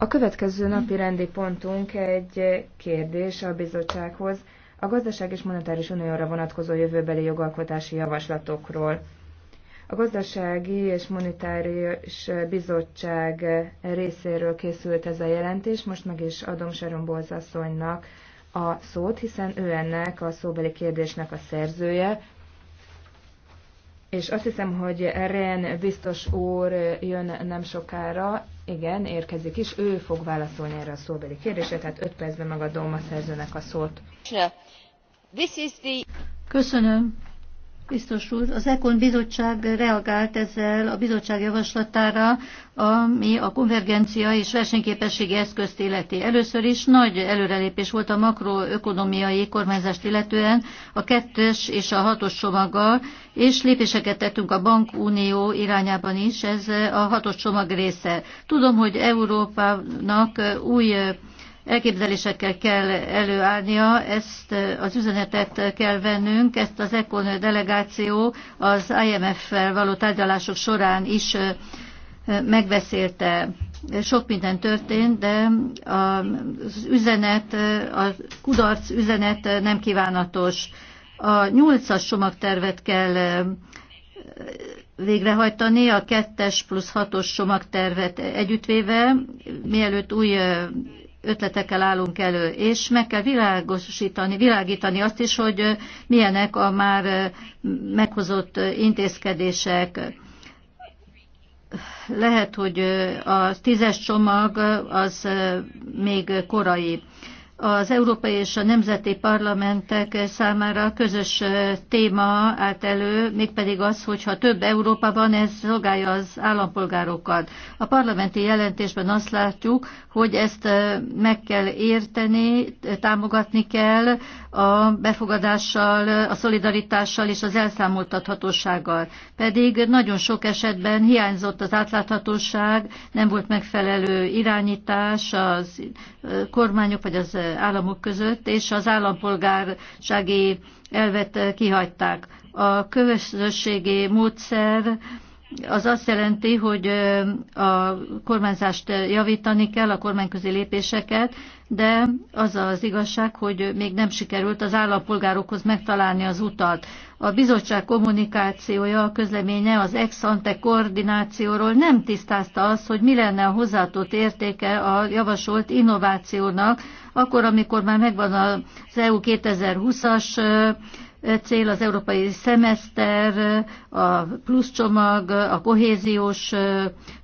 A következő napi rendi pontunk egy kérdés a bizottsághoz a gazdaság és monetáris unióra vonatkozó jövőbeli jogalkotási javaslatokról. A gazdasági és monetáris bizottság részéről készült ez a jelentés, most meg is adom Sharon Bolzasszonynak a szót, hiszen ő ennek a szóbeli kérdésnek a szerzője, és azt hiszem, hogy Ren biztos úr jön nem sokára, igen, érkezik is, ő fog válaszolni erre a szóbeli kérdésre, tehát 5 percben megadom a szerzőnek a szót. Köszönöm. Biztos úr, az EKON bizottság reagált ezzel a bizottság javaslatára, ami a konvergencia és versenyképességi eszközt illeti. Először is nagy előrelépés volt a makroökonomiai kormányzást illetően a kettes és a hatos csomaggal, és lépéseket tettünk a bankunió irányában is, ez a hatos csomag része. Tudom, hogy Európának új elképzelésekkel kell előállnia, ezt eh, az üzenetet kell vennünk, ezt az ECON delegáció az IMF-fel való tárgyalások során is eh, megbeszélte. Sok minden történt, de az üzenet, eh, a kudarc üzenet nem kívánatos. A nyolcas csomagtervet kell végrehajtani, a kettes plusz hatos csomagtervet együttvéve, mielőtt új ötletekkel állunk elő, és meg kell világosítani, világítani azt is, hogy milyenek a már meghozott intézkedések. Lehet, hogy a tízes csomag az még korai az európai és a nemzeti parlamentek számára közös téma állt elő, mégpedig az, hogy ha több Európa van, ez szolgálja az állampolgárokat. A parlamenti jelentésben azt látjuk, hogy ezt meg kell érteni, támogatni kell a befogadással, a szolidaritással és az elszámoltathatósággal. Pedig nagyon sok esetben hiányzott az átláthatóság, nem volt megfelelő irányítás, az kormányok vagy az államok között, és az állampolgársági elvet kihagyták. A közösségi módszer az azt jelenti, hogy a kormányzást javítani kell, a kormányközi lépéseket, de az az igazság, hogy még nem sikerült az állampolgárokhoz megtalálni az utat a bizottság kommunikációja, a közleménye az ex ante koordinációról nem tisztázta azt, hogy mi lenne a hozzáadott értéke a javasolt innovációnak, akkor, amikor már megvan az EU 2020-as cél az európai szemeszter, a plusz csomag, a kohéziós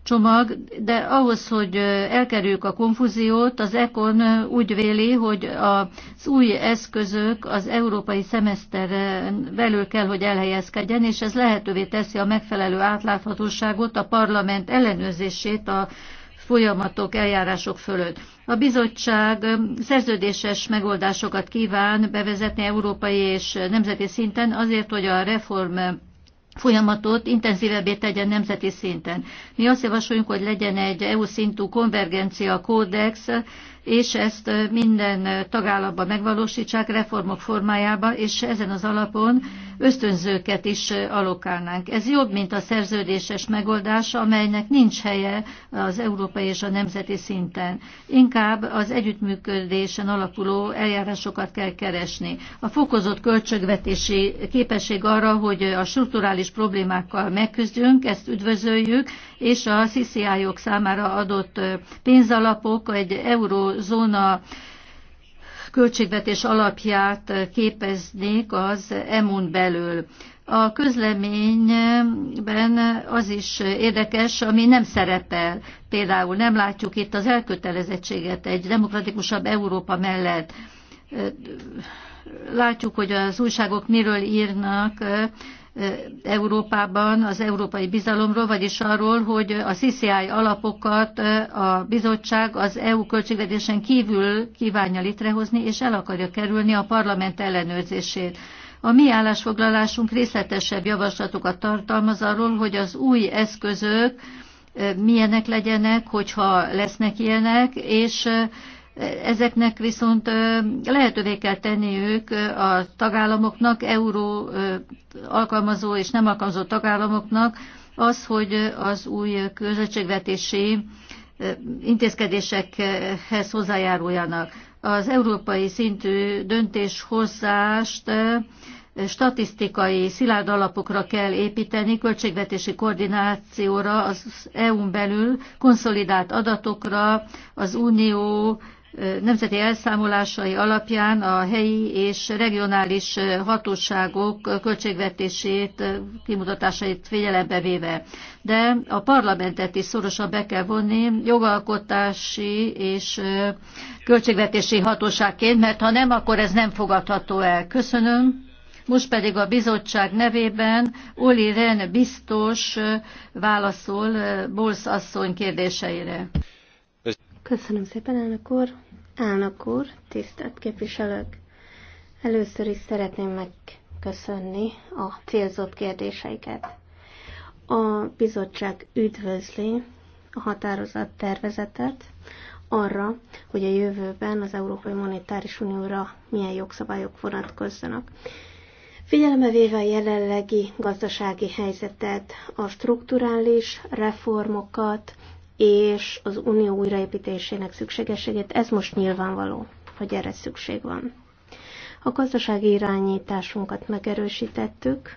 csomag, de ahhoz, hogy elkerüljük a konfúziót, az ECON úgy véli, hogy az új eszközök az európai szemeszter belül kell, hogy elhelyezkedjen, és ez lehetővé teszi a megfelelő átláthatóságot, a parlament ellenőrzését a folyamatok, eljárások fölött. A bizottság szerződéses megoldásokat kíván bevezetni európai és nemzeti szinten azért, hogy a reform folyamatot intenzívebbé tegyen nemzeti szinten. Mi azt javasoljuk, hogy legyen egy EU szintű konvergencia kódex és ezt minden tagállamban megvalósítsák reformok formájába, és ezen az alapon ösztönzőket is alokálnánk. Ez jobb, mint a szerződéses megoldás, amelynek nincs helye az európai és a nemzeti szinten. Inkább az együttműködésen alapuló eljárásokat kell keresni. A fokozott költségvetési képesség arra, hogy a strukturális problémákkal megküzdjünk, ezt üdvözöljük, és a CCI-ok számára adott pénzalapok egy eurozóna költségvetés alapját képeznék az EMUN belül. A közleményben az is érdekes, ami nem szerepel. Például nem látjuk itt az elkötelezettséget egy demokratikusabb Európa mellett. Látjuk, hogy az újságok miről írnak, Európában az európai bizalomról, vagyis arról, hogy a CCI alapokat a bizottság az EU költségvetésen kívül kívánja létrehozni, és el akarja kerülni a parlament ellenőrzését. A mi állásfoglalásunk részletesebb javaslatokat tartalmaz arról, hogy az új eszközök milyenek legyenek, hogyha lesznek ilyenek, és Ezeknek viszont lehetővé kell ők a tagállamoknak, euró alkalmazó és nem alkalmazó tagállamoknak az, hogy az új közösségvetési intézkedésekhez hozzájáruljanak. Az európai szintű döntéshozást statisztikai szilárd alapokra kell építeni, költségvetési koordinációra, az EU-n belül konszolidált adatokra, az unió nemzeti elszámolásai alapján a helyi és regionális hatóságok költségvetését, kimutatásait figyelembe véve. De a parlamentet is szorosan be kell vonni jogalkotási és költségvetési hatóságként, mert ha nem, akkor ez nem fogadható el. Köszönöm. Most pedig a bizottság nevében Uli Ren biztos válaszol Bolsz asszony kérdéseire. Köszönöm szépen, elnök úr. Elnök úr, tisztelt képviselők! Először is szeretném megköszönni a célzott kérdéseiket. A bizottság üdvözli a határozat tervezetet arra, hogy a jövőben az Európai Monetáris Unióra milyen jogszabályok vonatkozzanak. Figyelembe véve a jelenlegi gazdasági helyzetet, a strukturális reformokat, és az unió újraépítésének szükségességét, ez most nyilvánvaló, hogy erre szükség van. A gazdasági irányításunkat megerősítettük,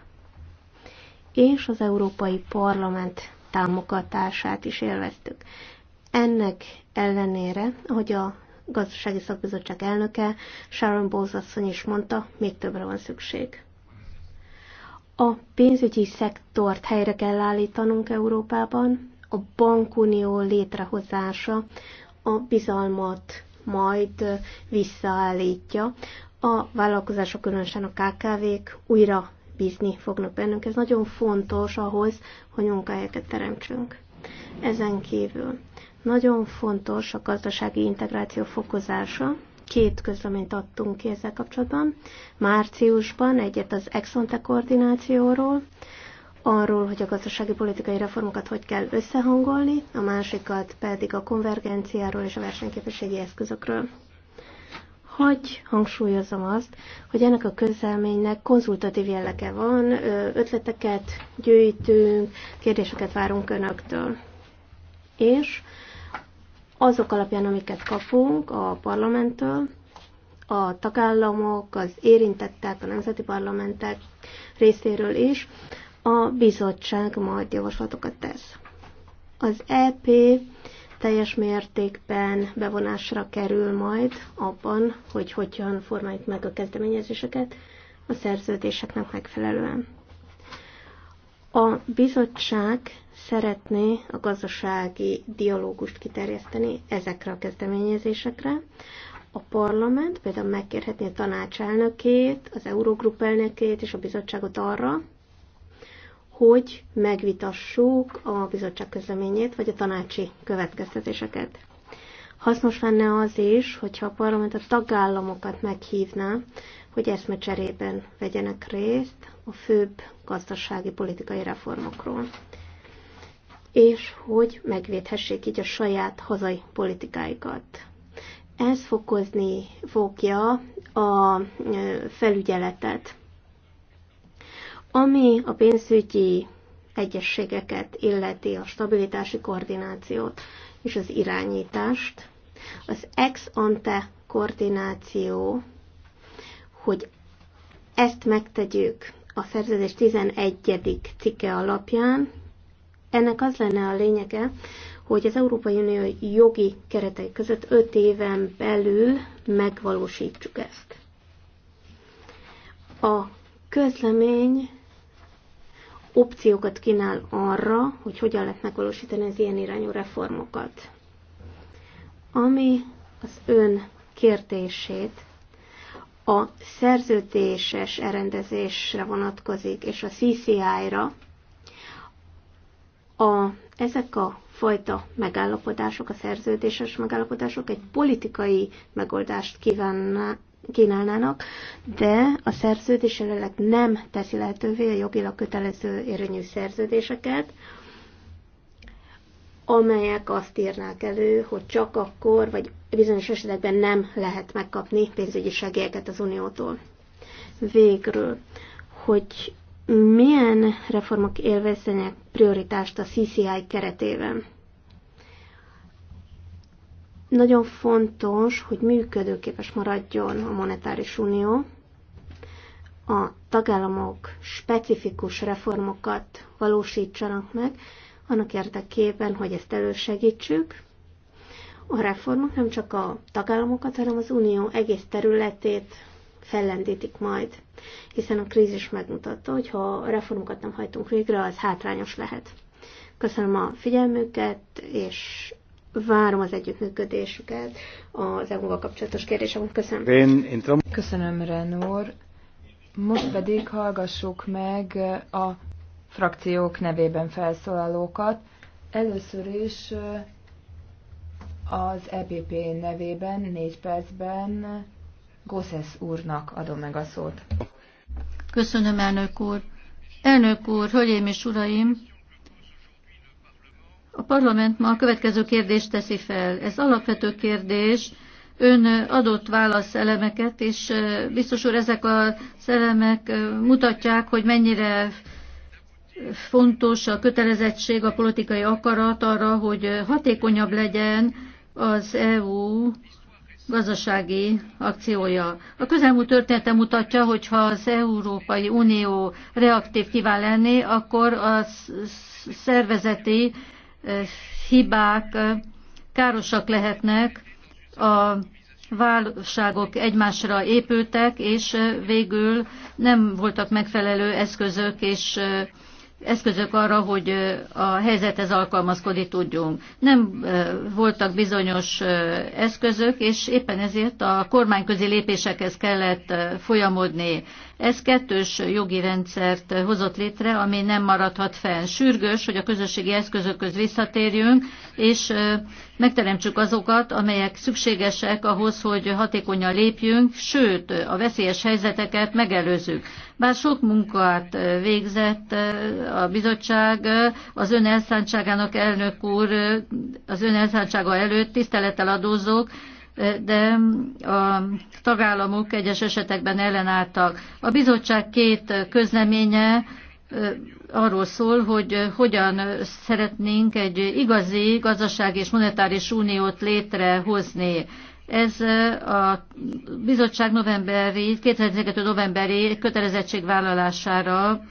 és az Európai Parlament támogatását is élveztük. Ennek ellenére, hogy a gazdasági szakbizottság elnöke Sharon Bowles asszony is mondta, még többre van szükség. A pénzügyi szektort helyre kell állítanunk Európában, a bankunió létrehozása a bizalmat majd visszaállítja. A vállalkozások, különösen a KKV-k újra bízni fognak bennünk. Ez nagyon fontos ahhoz, hogy munkahelyeket teremtsünk. Ezen kívül nagyon fontos a gazdasági integráció fokozása. Két közleményt adtunk ki ezzel kapcsolatban. Márciusban egyet az Exonte koordinációról, arról, hogy a gazdasági politikai reformokat hogy kell összehangolni, a másikat pedig a konvergenciáról és a versenyképességi eszközökről. Hogy hangsúlyozom azt, hogy ennek a közelménynek konzultatív jellege van, ötleteket gyűjtünk, kérdéseket várunk önöktől. És azok alapján, amiket kapunk a parlamenttől, a tagállamok, az érintettek, a nemzeti parlamentek részéről is, a bizottság majd javaslatokat tesz. Az EP teljes mértékben bevonásra kerül majd abban, hogy hogyan formáljuk meg a kezdeményezéseket a szerződéseknek megfelelően. A bizottság szeretné a gazdasági dialógust kiterjeszteni ezekre a kezdeményezésekre. A parlament például megkérhetné a tanács elnökét, az Eurogrup elnökét és a bizottságot arra, hogy megvitassuk a bizottság közleményét, vagy a tanácsi következtetéseket. Hasznos lenne az is, hogyha a parlament a tagállamokat meghívná, hogy eszmecserében vegyenek részt a főbb gazdasági politikai reformokról, és hogy megvédhessék így a saját hazai politikáikat. Ez fokozni fogja a felügyeletet ami a pénzügyi egyességeket illeti a stabilitási koordinációt és az irányítást, az ex ante koordináció, hogy ezt megtegyük a szerződés 11. cikke alapján, ennek az lenne a lényege, hogy az Európai Unió jogi keretei között 5 éven belül megvalósítsuk ezt. A közlemény opciókat kínál arra, hogy hogyan lehet megvalósítani az ilyen irányú reformokat. Ami az ön kértését a szerződéses elrendezésre vonatkozik, és a CCI-ra, a, ezek a fajta megállapodások, a szerződéses megállapodások egy politikai megoldást kívánna, kínálnának, de a szerződés jelenleg nem teszi lehetővé a jogilag kötelező érvényű szerződéseket, amelyek azt írnák elő, hogy csak akkor, vagy bizonyos esetekben nem lehet megkapni pénzügyi segélyeket az Uniótól. Végről, hogy milyen reformok élvezzenek prioritást a CCI keretében. Nagyon fontos, hogy működőképes maradjon a monetáris unió. A tagállamok specifikus reformokat valósítsanak meg, annak érdekében, hogy ezt elősegítsük. A reformok nem csak a tagállamokat, hanem az unió egész területét fellendítik majd, hiszen a krízis megmutatta, hogy ha a reformokat nem hajtunk végre, az hátrányos lehet. Köszönöm a figyelmüket, és várom az együttműködésüket az eu kapcsolatos kérdésem. Köszönöm. Köszönöm, Renor. Most pedig hallgassuk meg a frakciók nevében felszólalókat. Először is az EPP nevében négy percben Gossesz úrnak adom meg a szót. Köszönöm, elnök úr. Elnök úr, hölgyeim és uraim, a parlament ma a következő kérdést teszi fel. Ez alapvető kérdés, ön adott válaszelemeket, és biztos úr, ezek a elemek mutatják, hogy mennyire fontos a kötelezettség, a politikai akarat arra, hogy hatékonyabb legyen az EU gazdasági akciója. A közelmúlt története mutatja, hogy ha az Európai Unió reaktív kíván lenni, akkor a szervezeti hibák károsak lehetnek, a válságok egymásra épültek, és végül nem voltak megfelelő eszközök és eszközök arra, hogy a helyzethez alkalmazkodni tudjunk. Nem voltak bizonyos eszközök, és éppen ezért a kormányközi lépésekhez kellett folyamodni. Ez kettős jogi rendszert hozott létre, ami nem maradhat fel. Sürgős, hogy a közösségi eszközökhöz visszatérjünk, és megteremtsük azokat, amelyek szükségesek ahhoz, hogy hatékonyan lépjünk, sőt, a veszélyes helyzeteket megelőzzük. Bár sok munkát végzett a bizottság, az ön elszántságának elnök úr, az ön elszántsága előtt tisztelettel adózók, de a tagállamok egyes esetekben ellenálltak. A bizottság két közleménye arról szól, hogy hogyan szeretnénk egy igazi gazdaság és monetáris uniót létrehozni. Ez a bizottság novemberi, 2012. novemberi kötelezettségvállalására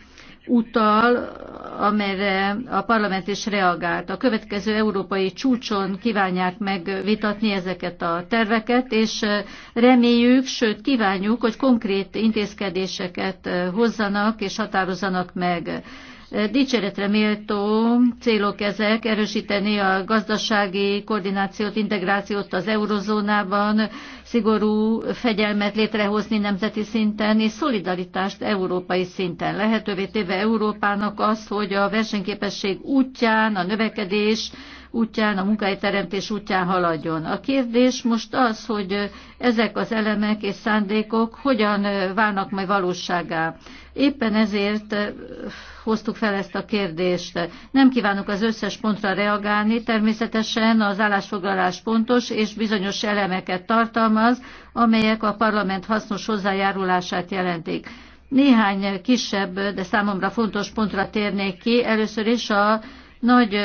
utal, amelyre a parlament is reagált. A következő európai csúcson kívánják megvitatni ezeket a terveket, és reméljük, sőt kívánjuk, hogy konkrét intézkedéseket hozzanak és határozzanak meg. Dicséretre méltó célok ezek, erősíteni a gazdasági koordinációt, integrációt az eurozónában, szigorú fegyelmet létrehozni nemzeti szinten, és szolidaritást európai szinten. Lehetővé téve Európának az, hogy a versenyképesség útján, a növekedés, útján, a munkahelyteremtés útján haladjon. A kérdés most az, hogy ezek az elemek és szándékok hogyan válnak majd valóságá. Éppen ezért hoztuk fel ezt a kérdést. Nem kívánok az összes pontra reagálni, természetesen az állásfoglalás pontos és bizonyos elemeket tartalmaz, amelyek a parlament hasznos hozzájárulását jelentik. Néhány kisebb, de számomra fontos pontra térnék ki. Először is a nagy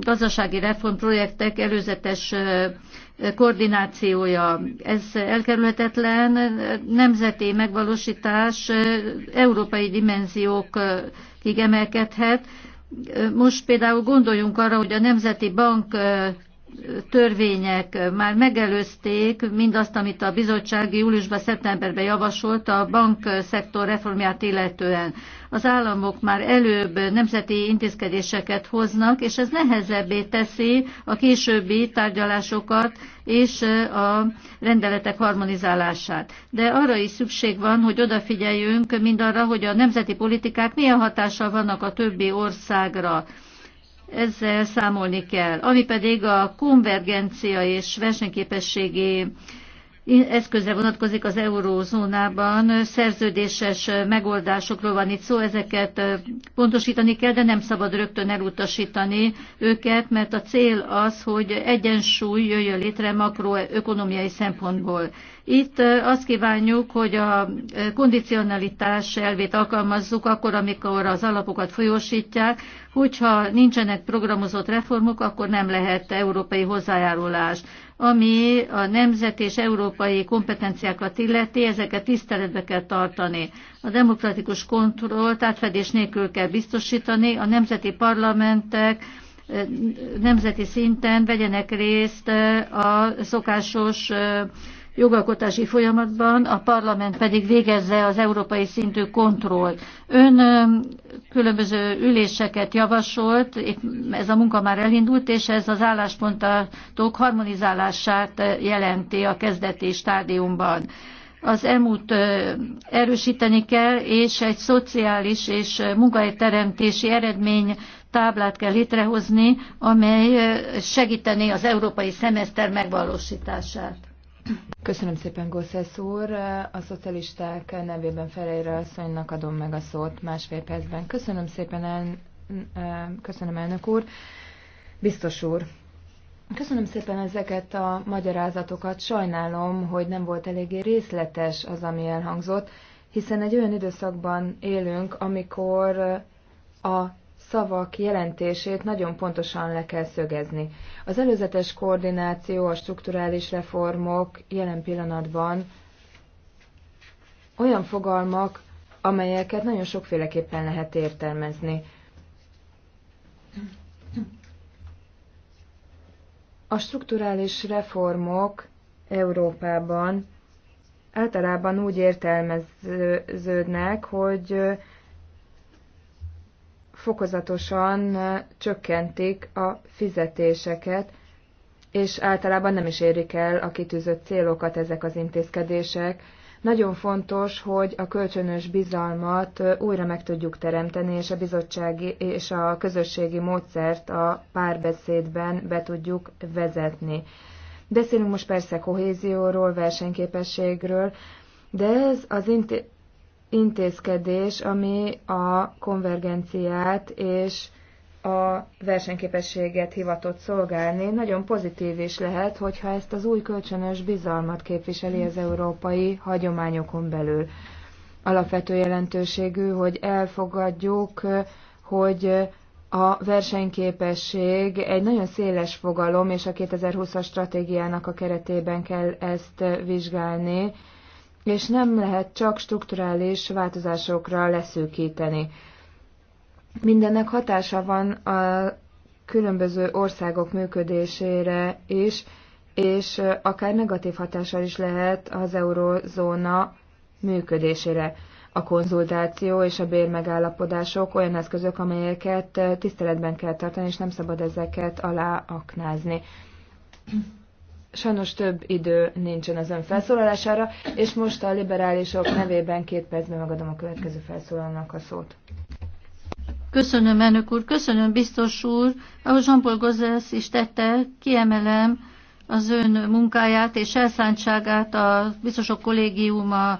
gazdasági reformprojektek előzetes koordinációja. Ez elkerülhetetlen nemzeti megvalósítás európai dimenziókig emelkedhet. Most például gondoljunk arra, hogy a Nemzeti Bank törvények már megelőzték mindazt, amit a bizottság júliusban, szeptemberben javasolt a bankszektor reformját illetően. Az államok már előbb nemzeti intézkedéseket hoznak, és ez nehezebbé teszi a későbbi tárgyalásokat és a rendeletek harmonizálását. De arra is szükség van, hogy odafigyeljünk mindarra, hogy a nemzeti politikák milyen hatással vannak a többi országra ezzel számolni kell. Ami pedig a konvergencia és versenyképességi eszközre vonatkozik az eurózónában, szerződéses megoldásokról van itt szó, ezeket pontosítani kell, de nem szabad rögtön elutasítani őket, mert a cél az, hogy egyensúly jöjjön létre makroökonomiai szempontból. Itt azt kívánjuk, hogy a kondicionalitás elvét alkalmazzuk akkor, amikor az alapokat folyósítják, hogyha nincsenek programozott reformok, akkor nem lehet európai hozzájárulás ami a nemzeti és európai kompetenciákat illeti, ezeket tiszteletbe kell tartani. A demokratikus kontrollt átfedés nélkül kell biztosítani, a nemzeti parlamentek eh, nemzeti szinten vegyenek részt eh, a szokásos eh, jogalkotási folyamatban, a parlament pedig végezze az európai szintű kontroll. Ön különböző üléseket javasolt, ez a munka már elindult, és ez az álláspontok harmonizálását jelenti a kezdeti stádiumban az EMU-t erősíteni kell, és egy szociális és munkahelyteremtési eredmény táblát kell létrehozni, amely segíteni az európai szemeszter megvalósítását. Köszönöm szépen, Gosszesz úr. A szocialisták nevében Ferejre asszonynak adom meg a szót másfél percben. Köszönöm szépen, el, eh, köszönöm elnök úr. Biztos úr, Köszönöm szépen ezeket a magyarázatokat. Sajnálom, hogy nem volt eléggé részletes az, ami elhangzott, hiszen egy olyan időszakban élünk, amikor a szavak jelentését nagyon pontosan le kell szögezni. Az előzetes koordináció, a strukturális reformok jelen pillanatban olyan fogalmak, amelyeket nagyon sokféleképpen lehet értelmezni. A strukturális reformok Európában általában úgy értelmeződnek, hogy fokozatosan csökkentik a fizetéseket, és általában nem is érik el a kitűzött célokat ezek az intézkedések. Nagyon fontos, hogy a kölcsönös bizalmat újra meg tudjuk teremteni, és a bizottsági és a közösségi módszert a párbeszédben be tudjuk vezetni. Beszélünk most persze kohézióról, versenyképességről, de ez az, inté- intézkedés, ami a konvergenciát és a versenyképességet hivatott szolgálni. Nagyon pozitív is lehet, hogyha ezt az új kölcsönös bizalmat képviseli az európai hagyományokon belül. Alapvető jelentőségű, hogy elfogadjuk, hogy a versenyképesség egy nagyon széles fogalom, és a 2020-as stratégiának a keretében kell ezt vizsgálni és nem lehet csak strukturális változásokra leszűkíteni. Mindennek hatása van a különböző országok működésére is, és akár negatív hatással is lehet az eurozóna működésére. A konzultáció és a bérmegállapodások olyan eszközök, amelyeket tiszteletben kell tartani, és nem szabad ezeket aláaknázni. Sajnos több idő nincsen az ön felszólalására, és most a liberálisok nevében két percben megadom a következő felszólalónak a szót. Köszönöm, elnök úr, köszönöm, biztos úr. Ahogy Jean-Paul Gozes is tette, kiemelem az ön munkáját és elszántságát a biztosok kollégiuma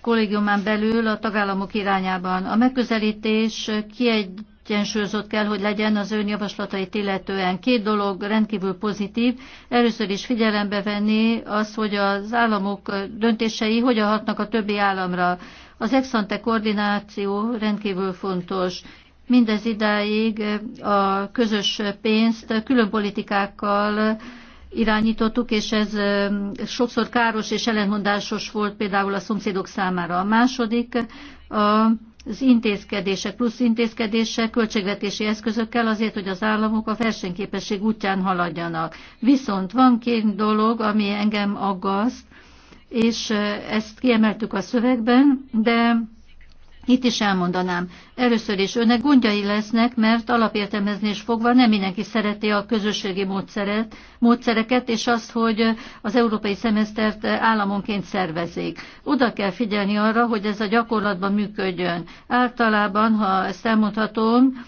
kollégiumán belül a tagállamok irányában. A megközelítés kiegy kiegyensúlyozott kell, hogy legyen az ön javaslatait illetően. Két dolog rendkívül pozitív. Először is figyelembe venni az, hogy az államok döntései hogyan hatnak a többi államra. Az exante koordináció rendkívül fontos. Mindez idáig a közös pénzt külön politikákkal irányítottuk, és ez sokszor káros és ellentmondásos volt például a szomszédok számára. A második a az intézkedések, plusz intézkedések költségvetési eszközökkel azért, hogy az államok a versenyképesség útján haladjanak. Viszont van két dolog, ami engem aggaszt, és eh, ezt kiemeltük a szövegben, de itt is elmondanám. Először is önnek gondjai lesznek, mert alapértelmezés fogva nem mindenki szereti a közösségi módszeret, módszereket, és azt, hogy az európai szemesztert államonként szervezik. Oda kell figyelni arra, hogy ez a gyakorlatban működjön. Általában, ha ezt elmondhatom,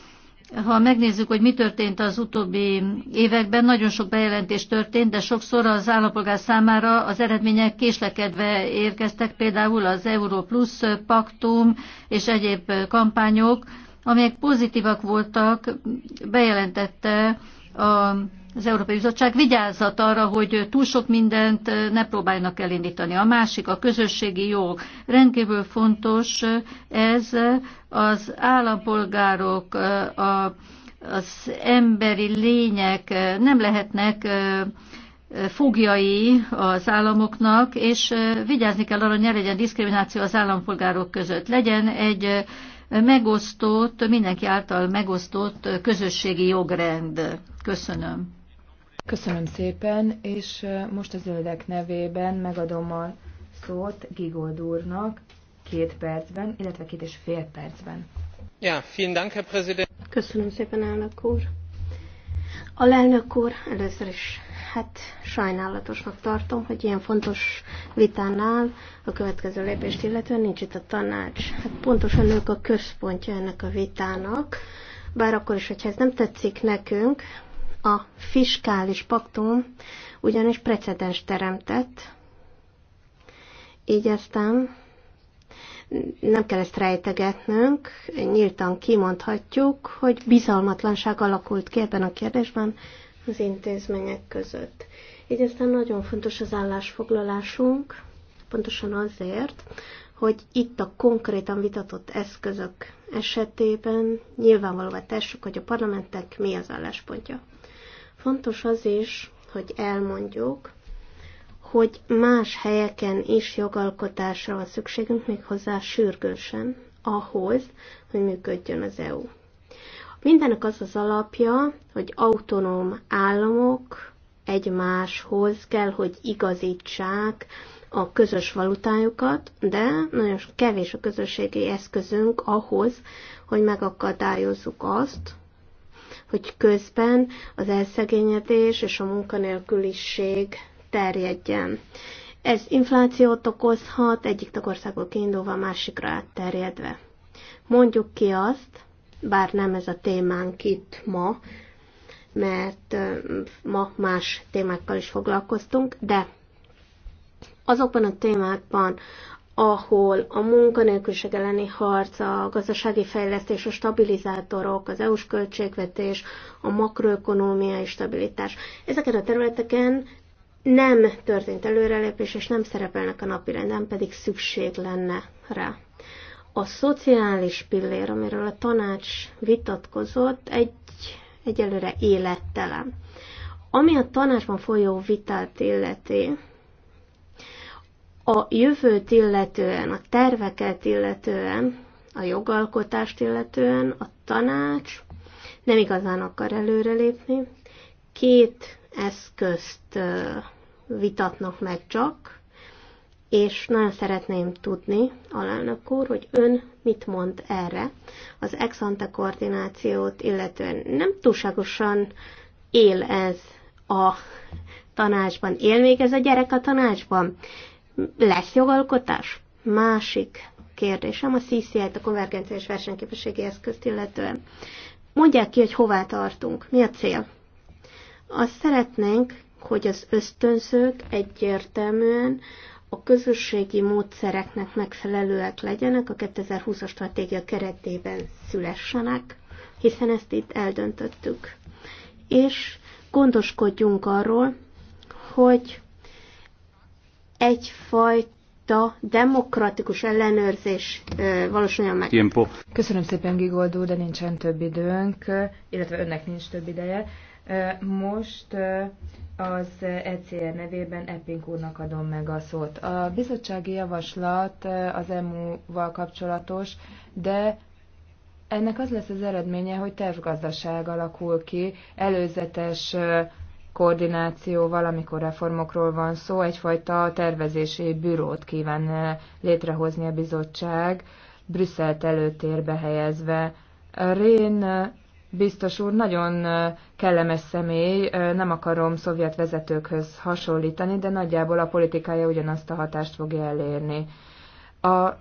ha megnézzük, hogy mi történt az utóbbi években, nagyon sok bejelentés történt, de sokszor az állampolgár számára az eredmények késlekedve érkeztek, például az Euro Plus paktum és egyéb kampányok, amelyek pozitívak voltak, bejelentette a az Európai Bizottság vigyázzat arra, hogy túl sok mindent eh, ne próbálnak elindítani. A másik, a közösségi jog. Rendkívül fontos ez az állampolgárok, eh, a, az emberi lények eh, nem lehetnek fogjai az államoknak, és vigyázni kell arra, hogy ne legyen diszkrimináció az állampolgárok között. Legyen egy megosztott, mindenki által megosztott közösségi jogrend. Köszönöm. Köszönöm szépen, és most a zöldek nevében megadom a szót Gigold úrnak két percben, illetve két és fél percben. Ja, vielen Dank, Herr Präsident. Köszönöm szépen, elnök úr. A lelnök úr először is hát sajnálatosnak tartom, hogy ilyen fontos vitánál a következő lépést illetően nincs itt a tanács. Hát pontosan ők a központja ennek a vitának, bár akkor is, hogyha ez nem tetszik nekünk, a fiskális paktum ugyanis precedens teremtett, így aztán nem kell ezt rejtegetnünk, nyíltan kimondhatjuk, hogy bizalmatlanság alakult ki ebben a kérdésben az intézmények között. Így aztán nagyon fontos az állásfoglalásunk, pontosan azért, hogy itt a konkrétan vitatott eszközök esetében nyilvánvalóvá tessük, hogy a parlamentek mi az álláspontja. Fontos az is, hogy elmondjuk, hogy más helyeken is jogalkotásra van szükségünk, méghozzá sürgősen, ahhoz, hogy működjön az EU. Mindenek az az alapja, hogy autonóm államok egymáshoz kell, hogy igazítsák a közös valutájukat, de nagyon kevés a közösségi eszközünk ahhoz, hogy megakadályozzuk azt, hogy közben az elszegényedés és a munkanélküliség terjedjen. Ez inflációt okozhat, egyik tagországból kiindulva, a másikra átterjedve. Mondjuk ki azt, bár nem ez a témánk itt ma, mert ma más témákkal is foglalkoztunk, de azokban a témákban, ahol a munkanélküliség elleni harc, a gazdasági fejlesztés, a stabilizátorok, az EU-s költségvetés, a makroökonómiai stabilitás. Ezeken a területeken nem történt előrelépés, és nem szerepelnek a rendben, pedig szükség lenne rá. A szociális pillér, amiről a tanács vitatkozott, egy egyelőre élettelen. Ami a tanácsban folyó vitát illeti, a jövőt illetően, a terveket illetően, a jogalkotást illetően a tanács nem igazán akar előrelépni. Két eszközt vitatnak meg csak, és nagyon szeretném tudni, alelnök úr, hogy ön mit mond erre. Az ex ante koordinációt illetően nem túlságosan él ez a tanácsban. Él még ez a gyerek a tanácsban? Lesz jogalkotás? Másik kérdésem a CCI-t, a konvergencia és versenyképességi eszközt illetően. Mondják ki, hogy hová tartunk, mi a cél? Azt szeretnénk, hogy az ösztönzők egyértelműen a közösségi módszereknek megfelelőek legyenek, a 2020-as stratégia keretében szülessenek, hiszen ezt itt eldöntöttük. És gondoskodjunk arról, hogy egyfajta demokratikus ellenőrzés valósuljon meg. Tiempo. Köszönöm szépen, Gigoldó, de nincsen több időnk, illetve önnek nincs több ideje. Most az ECR nevében Epping úrnak adom meg a szót. A bizottsági javaslat az EMU-val kapcsolatos, de ennek az lesz az eredménye, hogy tervgazdaság alakul ki, előzetes koordinációval, amikor reformokról van szó, egyfajta tervezési bürót kíván eh, létrehozni a bizottság, Brüsszelt előtérbe helyezve. Rén eh, biztos úr nagyon eh, kellemes személy, nem akarom szovjet vezetőkhöz hasonlítani, de nagyjából a politikája ugyanazt a hatást fogja elérni. A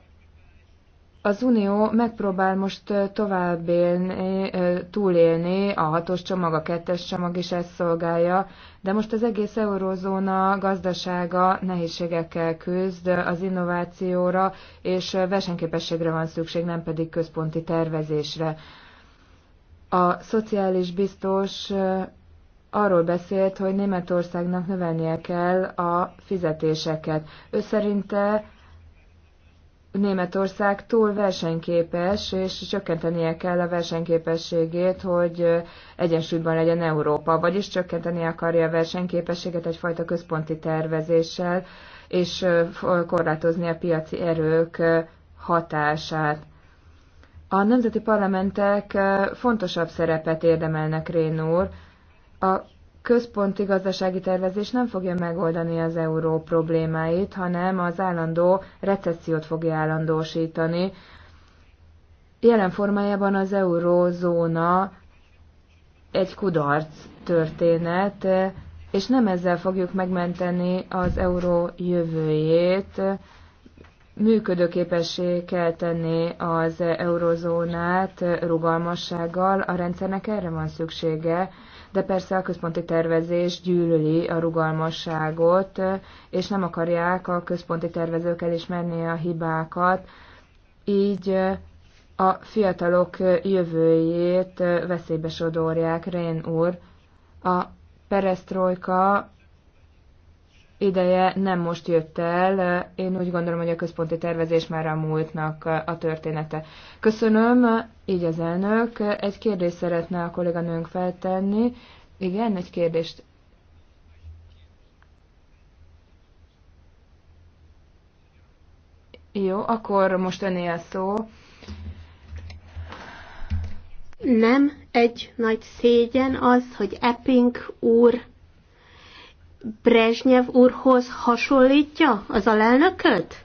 az Unió megpróbál most tovább élni, túlélni, a hatos csomag, a kettes csomag is ezt szolgálja, de most az egész eurózóna gazdasága nehézségekkel küzd, az innovációra és versenyképességre van szükség, nem pedig központi tervezésre. A szociális biztos arról beszélt, hogy Németországnak növelnie kell a fizetéseket. Ő szerinte Németország túl versenyképes, és csökkentenie kell a versenyképességét, hogy egyensúlyban legyen Európa, vagyis csökkenteni akarja a versenyképességet egyfajta központi tervezéssel, és korlátozni a piaci erők hatását. A nemzeti parlamentek fontosabb szerepet érdemelnek, Rénúr. A központi gazdasági tervezés nem fogja megoldani az euró problémáit, hanem az állandó recessziót fogja állandósítani. Jelen formájában az eurózóna egy kudarc történet, és nem ezzel fogjuk megmenteni az euró jövőjét, működőképessé kell tenni az eurozónát rugalmassággal, a rendszernek erre van szüksége, de persze a központi tervezés gyűlöli a rugalmasságot, és nem akarják a központi tervezők elismerni a hibákat, így a fiatalok jövőjét veszélybe sodorják, Rén úr. A perestroika ideje nem most jött el. Én úgy gondolom, hogy a központi tervezés már a múltnak a története. Köszönöm, így az elnök. Egy kérdést szeretne a kolléganőnk feltenni. Igen, egy kérdést. Jó, akkor most öné a szó. Nem egy nagy szégyen az, hogy Epping úr Brezsnyev úrhoz hasonlítja az alelnököt?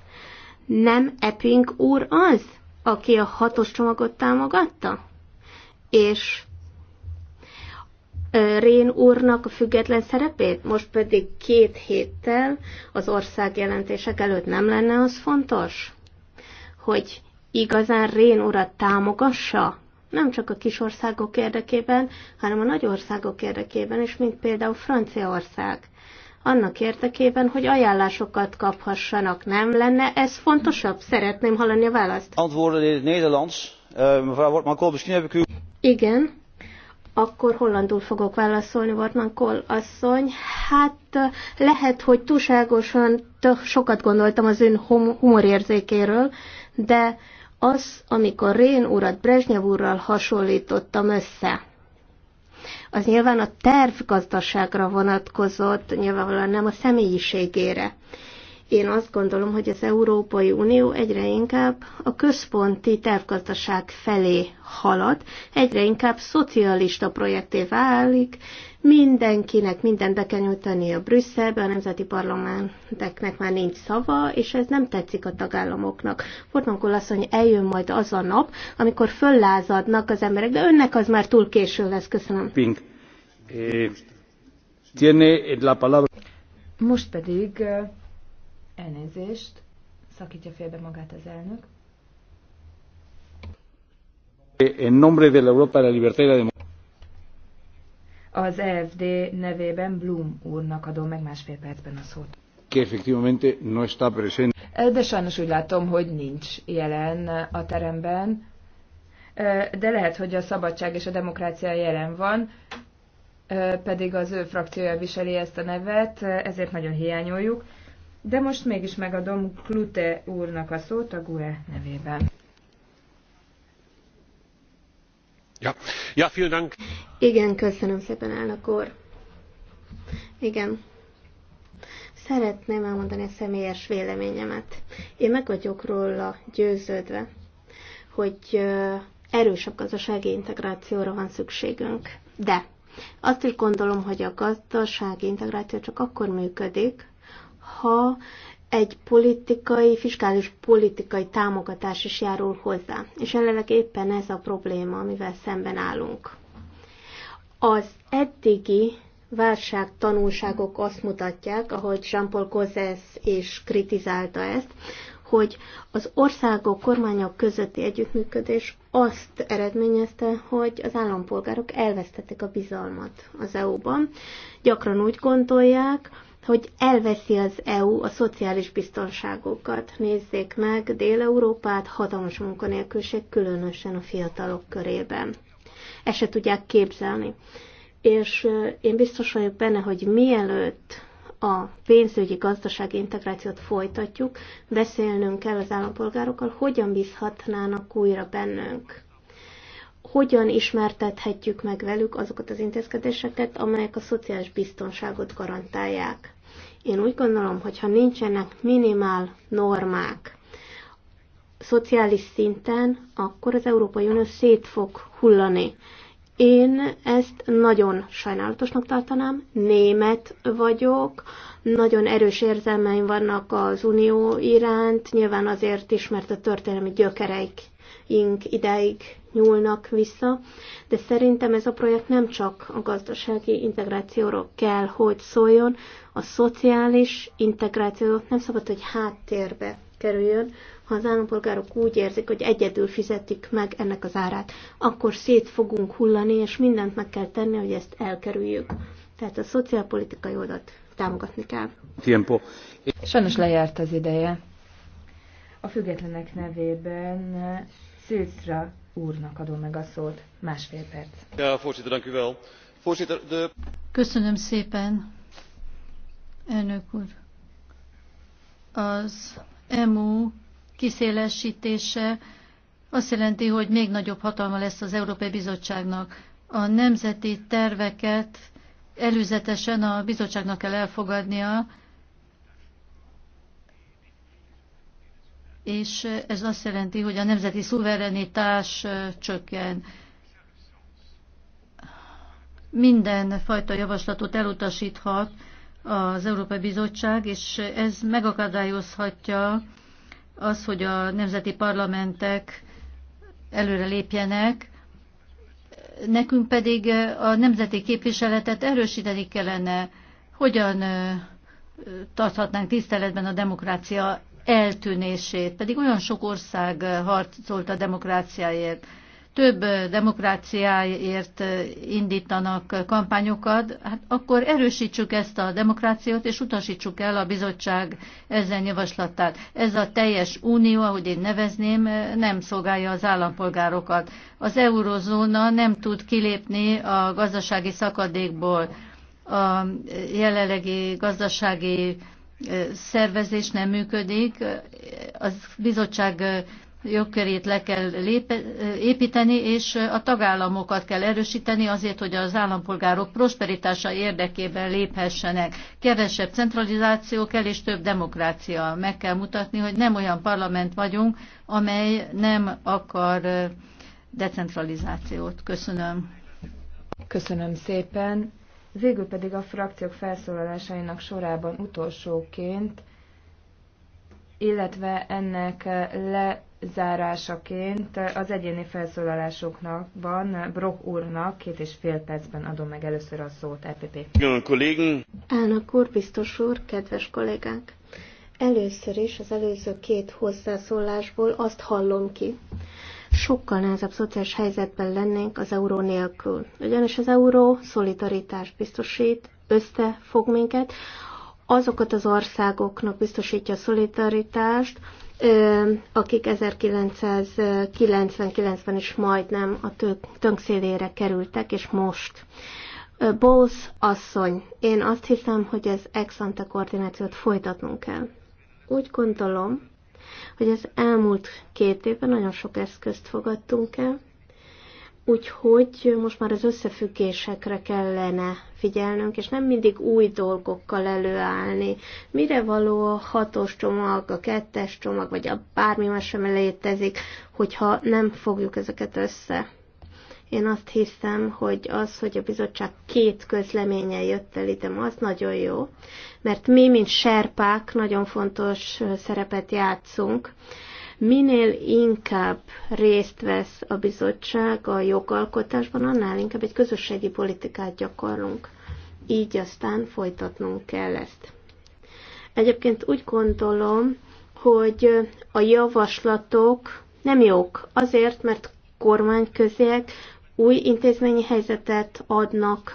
Nem Epping úr az, aki a hatos csomagot támogatta? És Rén úrnak a független szerepét? Most pedig két héttel az ország jelentések előtt nem lenne az fontos, hogy igazán Rén urat támogassa? Nem csak a kis országok érdekében, hanem a nagy országok érdekében is, mint például Franciaország annak érdekében, hogy ajánlásokat kaphassanak. Nem lenne ez fontosabb? Szeretném hallani a választ. Antwoorden in het Nederlands. Eh, mevrouw wortman misschien heb ik u... Igen, akkor hollandul fogok válaszolni, Wortman Kohl asszony. Hát eh, lehet, hogy túlságosan sokat gondoltam az ön humorérzékéről, de az, amikor Rén urat Brezsnyev urral hasonlítottam össze, az nyilván a tervgazdaságra vonatkozott, nyilvánvalóan nem a személyiségére. Én azt gondolom, hogy az Európai Unió egyre inkább a központi tervgazdaság felé halad, egyre inkább szocialista projekté válik, mindenkinek mindent be kell nyújtani a Brüsszelbe, a nemzeti parlamenteknek már nincs szava, és ez nem tetszik a tagállamoknak. azt asszony, eljön majd az a nap, amikor föllázadnak az emberek, de önnek az már túl késő lesz, köszönöm. Pink. Eh, tiene la palabra. Most pedig eh, Elnézést, szakítja félbe magát az elnök. En nombre de la Europa, la libertad y la democracia az EFD nevében Blum úrnak adom meg másfél percben a szót. Que efectivamente no está presente. De sajnos úgy látom, hogy nincs jelen a teremben, de lehet, hogy a szabadság és a demokrácia jelen van, pedig az ő frakciója viseli ezt a nevet, ezért nagyon hiányoljuk de most mégis megadom Klute úrnak a szót a GUE nevében. Ja. Ja, vielen Dank. Igen, köszönöm szépen, elnök úr. Igen. Szeretném elmondani a személyes véleményemet. Én meg vagyok róla győződve, hogy erősebb gazdasági integrációra van szükségünk. De azt is gondolom, hogy a gazdasági integráció csak akkor működik, ha egy politikai, fiskális politikai támogatás is járul hozzá. És jelenleg éppen ez a probléma, amivel szemben állunk. Az eddigi válság tanulságok azt mutatják, ahogy Jean-Paul Gauzès is kritizálta ezt, hogy az országok kormányok közötti együttműködés azt eredményezte, hogy az állampolgárok elvesztették a bizalmat az EU-ban. Gyakran úgy gondolják, hogy elveszi az EU a szociális biztonságokat. Nézzék meg Dél-Európát, hatalmas munkanélkülség, különösen a fiatalok körében. Ezt se tudják képzelni. És én biztos vagyok benne, hogy mielőtt a pénzügyi gazdasági integrációt folytatjuk, beszélnünk kell az állampolgárokkal, hogyan bízhatnának újra bennünk hogyan ismertethetjük meg velük azokat az intézkedéseket, amelyek a szociális biztonságot garantálják. Én úgy gondolom, hogyha nincsenek minimál normák szociális szinten, akkor az Európai Unió szét fog hullani. Én ezt nagyon sajnálatosnak tartanám, német vagyok, nagyon erős érzelmeim vannak az unió iránt, nyilván azért is, mert a történelmi gyökereik ideig nyúlnak vissza, de szerintem ez a projekt nem csak a gazdasági integrációról kell, hogy szóljon, a szociális integráció nem szabad, hogy háttérbe kerüljön, ha az állampolgárok úgy érzik, hogy egyedül fizetik meg ennek az árát, akkor szét fogunk hullani, és mindent meg kell tenni, hogy ezt elkerüljük. Tehát a szociálpolitikai oldalt támogatni kell. Tiempo. Sajnos lejárt az ideje. A függetlenek nevében Szilstra úrnak adom meg a szót. Másfél perc. Ja, voorzitter, de... Köszönöm szépen, elnök úr. Az EMU kiszélesítése azt jelenti, hogy még nagyobb hatalma lesz az Európai Bizottságnak. A nemzeti terveket előzetesen a bizottságnak kell elfogadnia, és ez azt jelenti, hogy a nemzeti szuverenitás csökken. Minden fajta javaslatot elutasíthat az Európai Bizottság, és ez megakadályozhatja az, hogy a nemzeti parlamentek előre lépjenek, nekünk pedig a nemzeti képviseletet erősíteni kellene. Hogyan tarthatnánk tiszteletben a demokrácia eltűnését, pedig olyan sok ország harcolt a demokráciáért. Több demokráciáért indítanak kampányokat, hát akkor erősítsük ezt a demokrációt, és utasítsuk el a bizottság ezen javaslatát. Ez a teljes unió, ahogy én nevezném, nem szolgálja az állampolgárokat. Az eurozóna nem tud kilépni a gazdasági szakadékból. A jelenlegi gazdasági szervezés nem működik, az bizottság jogkörét le kell lépe, építeni, és a tagállamokat kell erősíteni azért, hogy az állampolgárok prosperitása érdekében léphessenek. Kevesebb centralizáció kell, és több demokrácia. Meg kell mutatni, hogy nem olyan parlament vagyunk, amely nem akar eh, decentralizációt. Köszönöm. Köszönöm szépen. Végül pedig a frakciók felszólalásainak sorában utolsóként, illetve ennek lezárásaként az egyéni felszólalásoknak van Brock úrnak két és fél percben adom meg először a szót, EPP. Elnök úr, biztos úr, kedves kollégák! Először is az előző két hozzászólásból azt hallom ki, sokkal nehezebb szociális helyzetben lennénk az euró nélkül. Ugyanis az euró szolidaritás biztosít, összefog minket, azokat az országoknak biztosítja a szolidaritást, akik 1999-ben is majdnem a tönk szélére kerültek, és most. Bósz asszony, én azt hiszem, hogy ez ex ante koordinációt folytatnunk kell. Úgy gondolom, hogy az elmúlt két évben nagyon sok eszközt fogadtunk el, úgyhogy most már az összefüggésekre kellene figyelnünk, és nem mindig új dolgokkal előállni. Mire való a hatos csomag, a kettes csomag, vagy a bármi más sem létezik, hogyha nem fogjuk ezeket össze. Én azt hiszem, hogy az, hogy a bizottság két közleménye jött el ide, az nagyon jó, mert mi, mint serpák, nagyon fontos szerepet játszunk. Minél inkább részt vesz a bizottság a jogalkotásban, annál inkább egy közösségi politikát gyakorlunk. Így aztán folytatnunk kell ezt. Egyébként úgy gondolom, hogy a javaslatok nem jók, azért, mert kormányköziek, új intézményi helyzetet adnak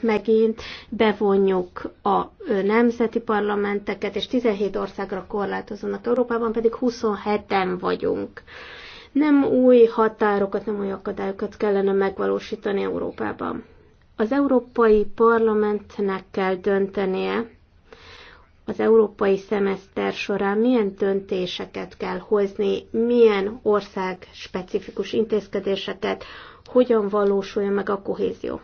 megint, bevonjuk a nemzeti parlamenteket, és 17 országra korlátoznak. Európában pedig 27-en vagyunk. Nem új határokat, nem új akadályokat kellene megvalósítani Európában. Az Európai Parlamentnek kell döntenie, az európai szemeszter során milyen döntéseket kell hozni, milyen ország specifikus intézkedéseket, hogyan valósulja meg a kohézió.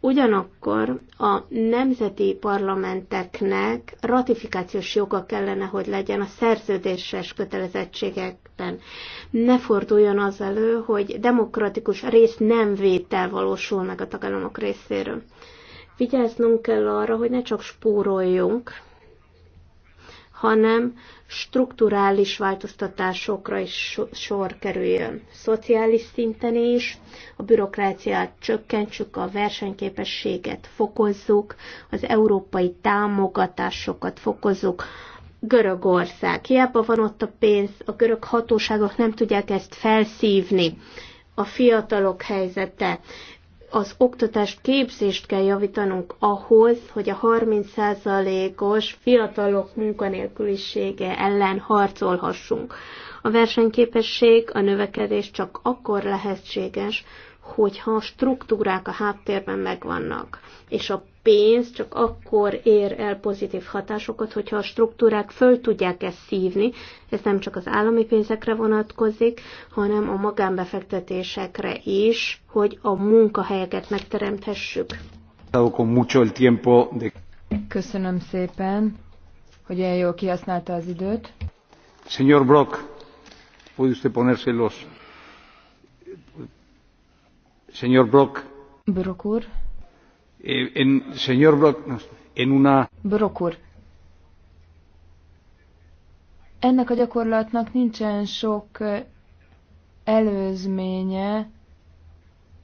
Ugyanakkor a nemzeti parlamenteknek ratifikációs joga kellene, hogy legyen a szerződéses kötelezettségekben. Ne forduljon az elő, hogy demokratikus rész nem vétel valósul meg a tagállamok részéről. Vigyáznunk kell arra, hogy ne csak spóroljunk, hanem strukturális változtatásokra is sor kerüljön. Szociális szinten is a bürokráciát csökkentsük, a versenyképességet fokozzuk, az európai támogatásokat fokozzuk. Görögország. Hiába van ott a pénz, a görög hatóságok nem tudják ezt felszívni. A fiatalok helyzete, az oktatást, képzést kell javítanunk ahhoz, hogy a 30%-os fiatalok munkanélkülisége ellen harcolhassunk. A versenyképesség, a növekedés csak akkor lehetséges, hogyha a struktúrák a háttérben megvannak, és a pénz csak akkor ér el pozitív hatásokat, hogyha a struktúrák föl tudják ezt szívni. Ez nem csak az állami pénzekre vonatkozik, hanem a magánbefektetésekre is, hogy a munkahelyeket megteremthessük. Köszönöm szépen, hogy ilyen jól kihasználta az időt. Señor Brock, puede usted ponerse los... Señor Brock. Brock úr. Eh, en, úr. Ennek a gyakorlatnak nincsen sok eh, előzménye.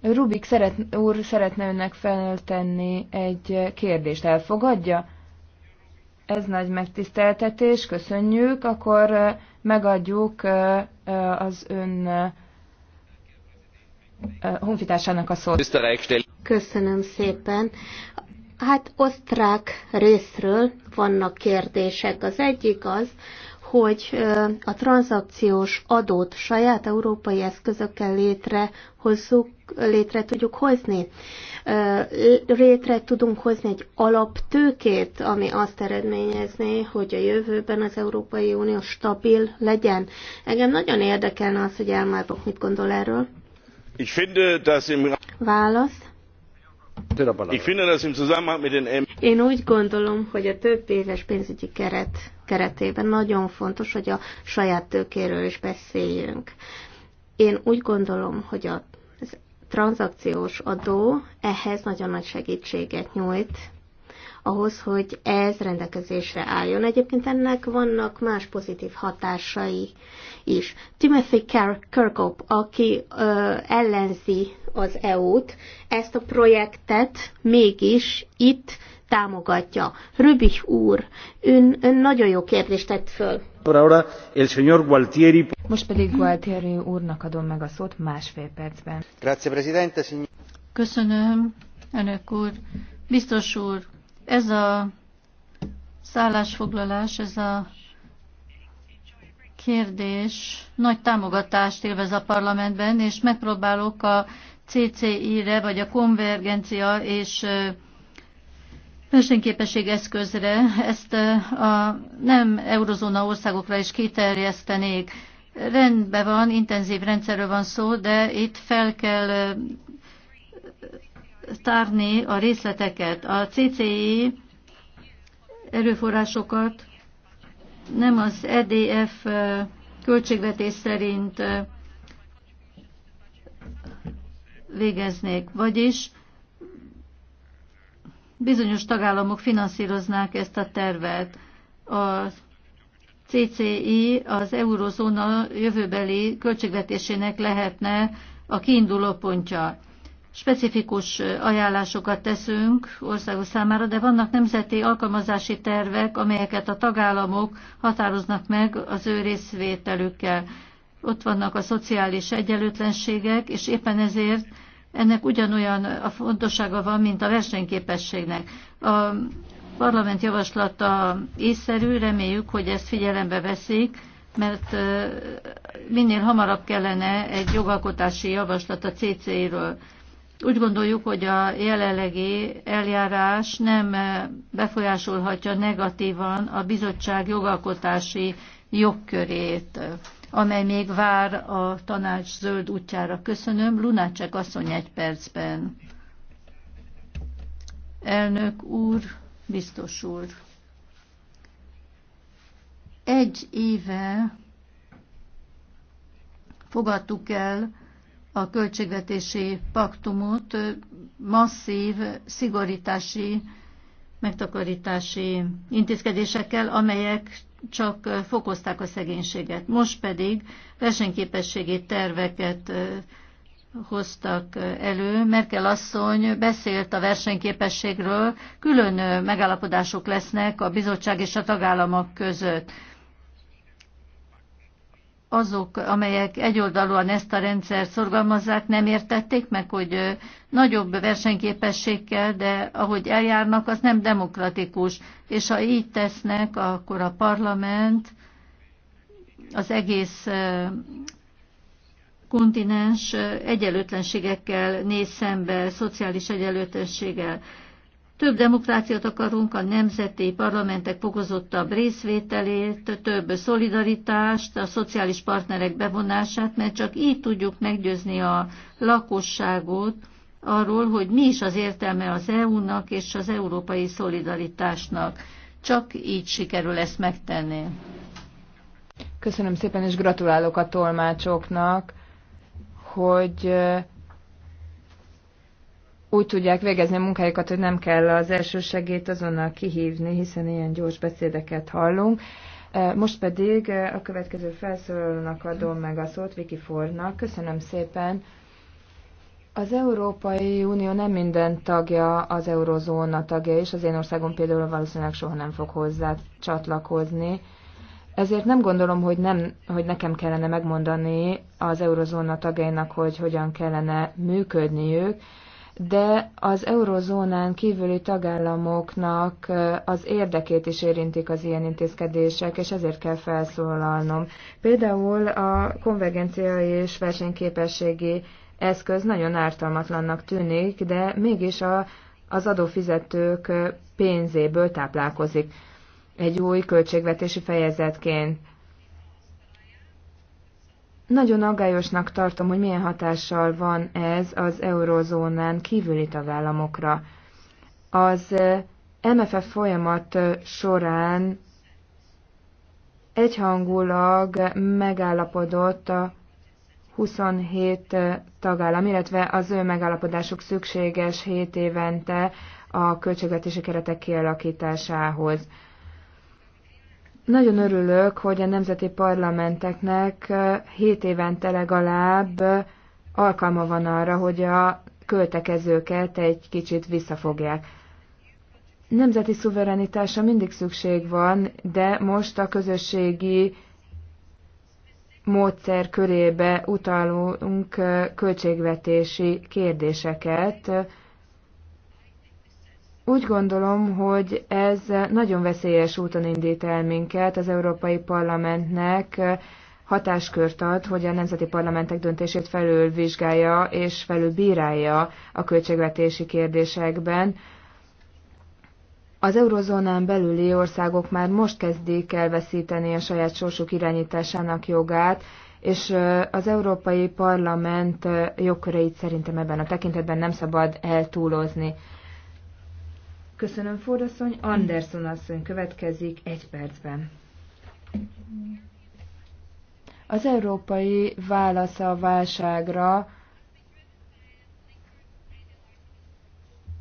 Rubik szeret, úr szeretne önnek feltenni egy eh, kérdést. Elfogadja? Ez nagy megtiszteltetés, köszönjük. Akkor megadjuk az ön honfitársának a szót. Köszönöm szépen. Hát osztrák részről vannak kérdések. Az egyik az, hogy a tranzakciós adót saját európai eszközökkel létre, hozzuk, létre tudjuk hozni. Létre tudunk hozni egy alaptőkét, ami azt eredményezné, hogy a jövőben az Európai Unió stabil legyen. Engem nagyon érdekelne az, hogy elmárok, mit gondol erről. Ich finde, dass im... Válasz én úgy gondolom, hogy a több éves pénzügyi keret keretében nagyon fontos, hogy a saját tőkéről is beszéljünk. Én úgy gondolom, hogy a tranzakciós adó ehhez nagyon nagy segítséget nyújt, ahhoz, hogy ez rendelkezésre álljon. Egyébként ennek vannak más pozitív hatásai is. Timothy Kirkhope, aki ö, ellenzi az EU-t, ezt a projektet mégis itt támogatja. Rübich úr, ön, ön nagyon jó kérdést tett föl. Most pedig Gualtieri úrnak adom meg a szót másfél percben. Grazie, Presidente. Köszönöm, önök úr. Biztos úr, ez a szállásfoglalás, ez a kérdés nagy támogatást élvez a parlamentben, és megpróbálok a CCI-re, vagy a konvergencia és versenyképesség eszközre ezt a nem eurozóna országokra is kiterjesztenék. Rendben van, intenzív rendszerről van szó, de itt fel kell tárni a részleteket. A CCI e erőforrásokat nem az EDF költségvetés szerint végeznék, vagyis bizonyos tagállamok finanszíroznák ezt a tervet. A CCI e az eurozóna jövőbeli költségvetésének lehetne a kiinduló pontja specifikus ajánlásokat teszünk országos számára, de vannak nemzeti alkalmazási tervek, amelyeket a tagállamok határoznak meg az ő részvételükkel. Ott vannak a szociális egyenlőtlenségek, és éppen ezért ennek ugyanolyan a fontossága van, mint a versenyképességnek. A parlament javaslata észszerű, reméljük, hogy ezt figyelembe veszik, mert minél hamarabb kellene egy jogalkotási javaslat a CC-ről. Úgy gondoljuk, hogy a jelenlegi eljárás nem eh, befolyásolhatja negatívan a bizottság jogalkotási jogkörét, eh, amely még vár a tanács zöld útjára. Köszönöm. Lunácsek asszony egy percben. Elnök úr, biztos úr. Egy éve fogadtuk el a költségvetési paktumot masszív szigorítási, megtakarítási intézkedésekkel, amelyek csak fokozták a szegénységet. Most pedig versenyképességi terveket hoztak elő. Merkel asszony beszélt a versenyképességről, külön megállapodások lesznek a bizottság és a tagállamok között azok, amelyek egyoldalúan ezt a rendszert szorgalmazzák, nem értették meg, hogy nagyobb versenyképességgel, de ahogy eljárnak, az nem demokratikus. És ha így tesznek, akkor a parlament az egész kontinens egyenlőtlenségekkel néz szembe, szociális egyenlőtlenséggel. Több demokráciát akarunk, a nemzeti parlamentek fokozottabb részvételét, több szolidaritást, a szociális partnerek bevonását, mert csak így tudjuk meggyőzni a lakosságot arról, hogy mi is az értelme az EU-nak és az európai szolidaritásnak. Csak így sikerül ezt megtenni. Köszönöm szépen, és gratulálok a tolmácsoknak, hogy úgy tudják végezni a munkájukat, hogy nem kell az első segét azonnal kihívni, hiszen ilyen gyors beszédeket hallunk. E, most pedig e, a következő felszólalónak adom meg a szót Viki Fornak. Köszönöm szépen. Az Európai Unió nem minden tagja az eurozóna tagja, és az én országom például valószínűleg soha nem fog hozzá csatlakozni. Ezért nem gondolom, hogy, nem, hogy nekem kellene megmondani az eurozóna tagjainak, hogy hogyan kellene működniük de az eurozónán kívüli tagállamoknak az érdekét is érintik az ilyen intézkedések, és ezért kell felszólalnom. Például a konvergencia és versenyképességi eszköz nagyon ártalmatlannak tűnik, de mégis a, az adófizetők pénzéből táplálkozik egy új költségvetési fejezetként. Nagyon aggályosnak tartom, hogy milyen hatással van ez az eurozónán kívüli tagállamokra. Az MFF folyamat során egyhangulag megállapodott a 27 tagállam, illetve az ő megállapodásuk szükséges 7 évente a költségvetési keretek kialakításához. Nagyon örülök, hogy a nemzeti parlamenteknek 7 évente legalább alkalma van arra, hogy a költekezőket egy kicsit visszafogják. Nemzeti szuverenitása mindig szükség van, de most a közösségi módszer körébe utalunk költségvetési kérdéseket, úgy gondolom, hogy ez nagyon veszélyes úton indít el minket az Európai Parlamentnek, hatáskört ad, hogy a nemzeti parlamentek döntését felülvizsgálja és felülbírálja a költségvetési kérdésekben. Az eurozónán belüli országok már most kezdik elveszíteni a saját sorsuk irányításának jogát, és az Európai Parlament jogköreit szerintem ebben a tekintetben nem szabad eltúlozni. Köszönöm, Fordasszony. Anderson asszony következik egy percben. Az európai válasz a válságra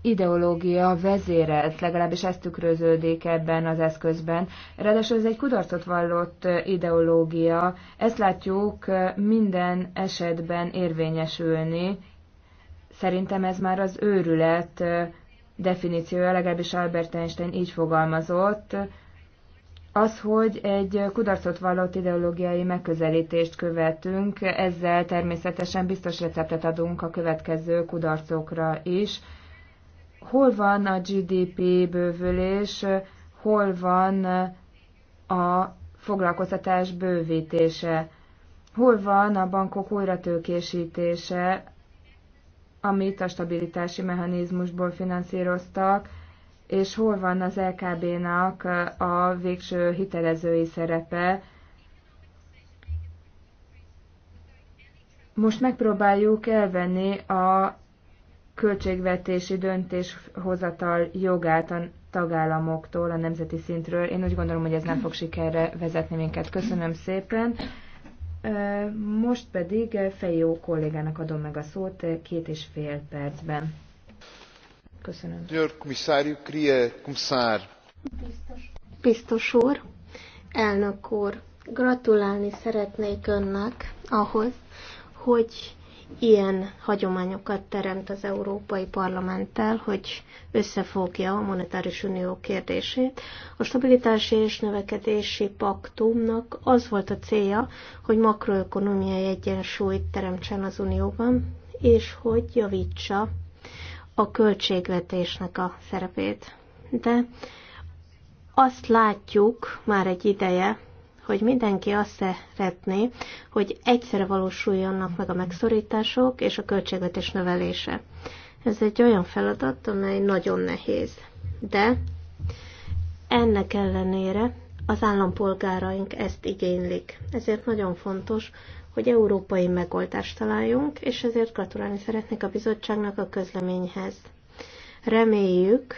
ideológia vezérelt, legalábbis ez tükröződik ebben az eszközben. Ráadásul ez egy kudarcot vallott ideológia, ezt látjuk minden esetben érvényesülni. Szerintem ez már az őrület definíciója, legalábbis Albert Einstein így fogalmazott, az, hogy egy kudarcot vallott ideológiai megközelítést követünk, ezzel természetesen biztos receptet adunk a következő kudarcokra is. Hol van a GDP bővülés, hol van a foglalkoztatás bővítése, hol van a bankok újratőkésítése, amit a stabilitási mechanizmusból finanszíroztak, és hol van az LKB-nak a végső hitelezői szerepe. Most megpróbáljuk elvenni a költségvetési döntéshozatal jogát a tagállamoktól, a nemzeti szintről. Én úgy gondolom, hogy ez nem fog sikerre vezetni minket. Köszönöm szépen. Most pedig Fejó kollégának adom meg a szót két és fél percben. Köszönöm. Senhor Comissário, queria começar. Biztos. Biztos úr, elnök úr, gratulálni szeretnék önnek ahhoz, hogy ilyen hagyományokat teremt az Európai Parlamenttel, hogy összefogja a monetáris unió kérdését. A stabilitási és növekedési paktumnak az volt a célja, hogy makroökonomiai egyensúlyt teremtsen az unióban, és hogy javítsa a költségvetésnek a szerepét. De azt látjuk már egy ideje, hogy mindenki azt szeretné, hogy egyszerre valósuljanak meg a megszorítások és a költségvetés növelése. Ez egy olyan feladat, amely nagyon nehéz. De ennek ellenére az állampolgáraink ezt igénylik. Ezért nagyon fontos, hogy európai megoldást találjunk, és ezért gratulálni szeretnék a bizottságnak a közleményhez. Reméljük,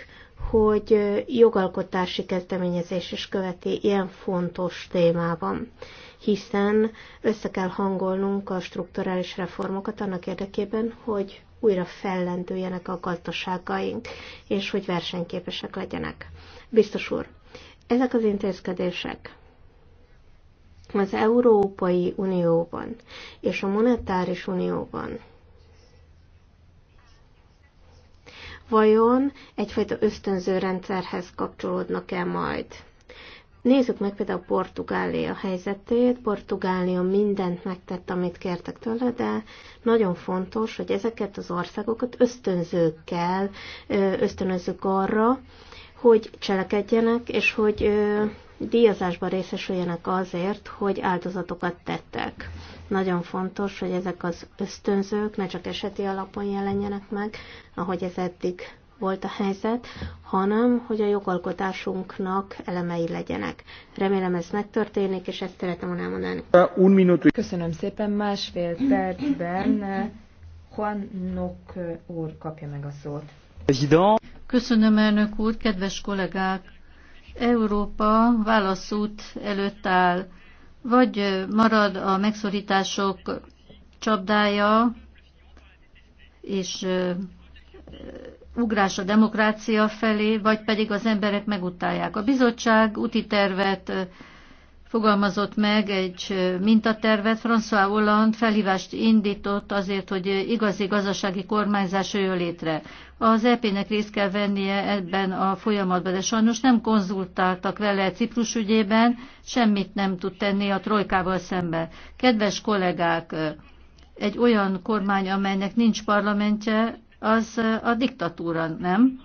hogy jogalkotási kezdeményezés is követi ilyen fontos témában, hiszen össze kell hangolnunk a strukturális reformokat annak érdekében, hogy újra fellendüljenek a gazdaságaink, és hogy versenyképesek legyenek. Biztos úr, ezek az intézkedések az Európai Unióban és a Monetáris Unióban vajon egyfajta ösztönző rendszerhez kapcsolódnak-e majd. Nézzük meg például Portugália helyzetét. Portugália mindent megtett, amit kértek tőle, de nagyon fontos, hogy ezeket az országokat ösztönzőkkel ösztönözzük arra, hogy cselekedjenek, és hogy díjazásban részesüljenek azért, hogy áldozatokat tettek. Nagyon fontos, hogy ezek az ösztönzők ne csak eseti alapon jelenjenek meg, ahogy ez eddig volt a helyzet, hanem hogy a jogalkotásunknak elemei legyenek. Remélem ez megtörténik, és ezt szeretem volna elmondani. Köszönöm szépen, másfél percben Juan Nok úr kapja meg a szót. Köszönöm, elnök úr, kedves kollégák! Európa válaszút előtt áll. Vagy marad a megszorítások csapdája, és ugrás a demokrácia felé, vagy pedig az emberek megutálják. A bizottság úti tervet fogalmazott meg, egy mintatervet. François Hollande felhívást indított azért, hogy igazi gazdasági kormányzás jöjjön létre. Az EP-nek részt kell vennie ebben a folyamatban, de sajnos nem konzultáltak vele Ciprus ügyében, semmit nem tud tenni a trojkával szembe. Kedves kollégák, egy olyan kormány, amelynek nincs parlamentje, az a diktatúra, nem?